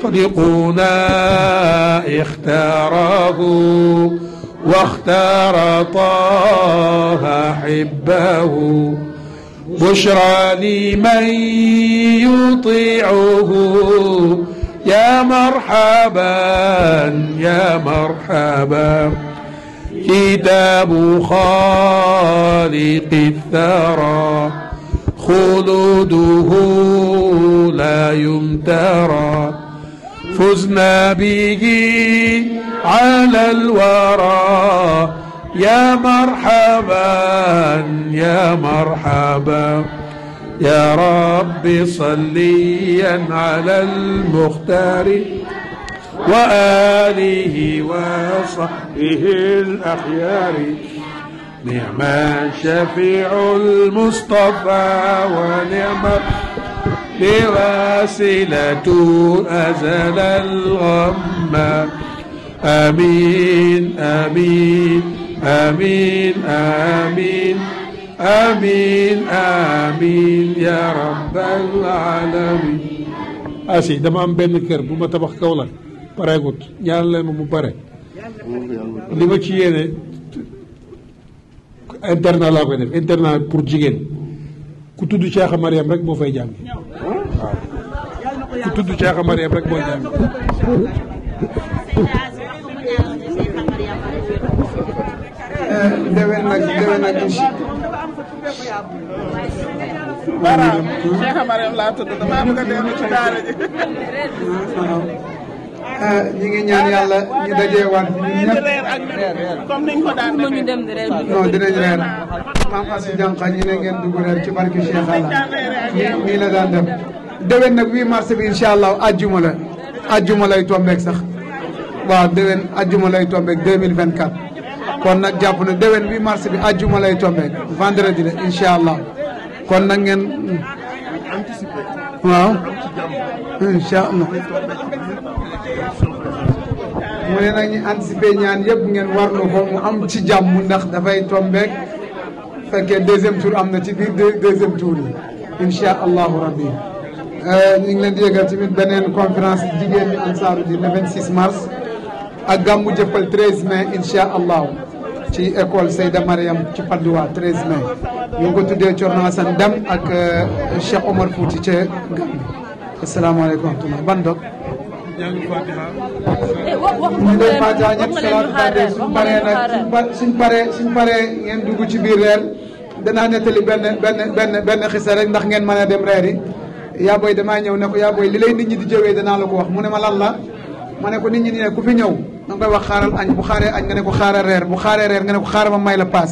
Speaker 2: صديقنا اختاره واختار طه حبه بشرى لمن يطيعه يا مرحبا يا مرحبا كتاب خالق الثرى خلوده لا يمترى فزنا به على الورى يا مرحبا يا مرحبا يا رب صليا على المختار وآله وصحبه الأخيار نعم شفيع المصطفى ونعم لواسلة أزل الغم آمين آمين آمين آمين آمين آمين يا رب العالمين asi dama am benn kër bu ma tabax Kaolack pareegut ñaan leen ma mu pare li ma ci yéene internat laa koy def internat pour jigéen ku tudd Cheikha Mariam rek moo fay jàng waaw ku tudd Cheikha Mariam rek mooy jàng
Speaker 4: déwén nag déwén nag
Speaker 5: Ah, ñi ngi ñaan yàlla ñu dajeewaat
Speaker 4: ñun ñëpp. comme niñ di reer. non dinañ
Speaker 5: reer. maam Asi ne ngeen dugg reer ci barki Cheikh Alla
Speaker 2: nii la daan def.
Speaker 5: déwén nag 8 mars bi incha allah ajjuma la ajjuma lay tombeek sax waaw déwén ajjuma lay tombeek 2024. kon nag jàpp na déwén 8 mars bi ajjuma lay tombeek vendredi la incha allah kon na ngeen.
Speaker 1: Hmm.
Speaker 5: waaw incha allah. mu ne nag ñu anticiper ñaan yëpp ngeen war nu ko mu am ci jàmm ndax dafay tombeek fekkee deuxième tour am na ci biir deuxième tour yi incha allahu rabbi euh, ñu ngi leen di yëgal tamit beneen conférence jigéen ñi ansaaru di le 26 mars ak gàmmu jëppal 13 mai incha allahu ci école Seyda Mariam ci Padoua 13 mai ñu ngi ko tuddee Thierno Assane Deme ak euh, Cheikh Omar Fouti ca Gambie asalaamaaleykum wa rahmatulah ban dog
Speaker 2: jàng Fatiha.
Speaker 6: Eh, ñu def Fatiha ñëpp salaatu Fatiha suñ paree nag
Speaker 5: suñ paree suñ paree ngeen dugg ci biir reer danaa nettali benn benn benn benn xisa rek ndax ngeen mën a dem reer yi. yaa booy damaa ñëw ne ko yaa booy li lay nit ñi di jëwee danaa la ko wax mu ne ma lan la ma ne ko nit ñi ne ku fi ñëw da nga koy wax xaaral añ bu xaaree añ nga ne ko xaaral reer bu xaaree reer nga ne ko xaaral ma may la paas.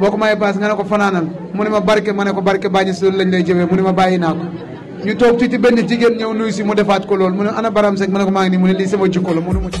Speaker 5: boo ko mayee paas nga ne ko fanaanal mu ne ma barke ma ne ko barke bàññi si loolu lañ day jëwee mu ma bàyyi naa ñu toog tuuti benn jigéen ñëw nuyu si mu defaat ko lool mu ne ana Baram Seck ma ne ko maa nii mu ne lii sama
Speaker 4: jikko la mënu ma ci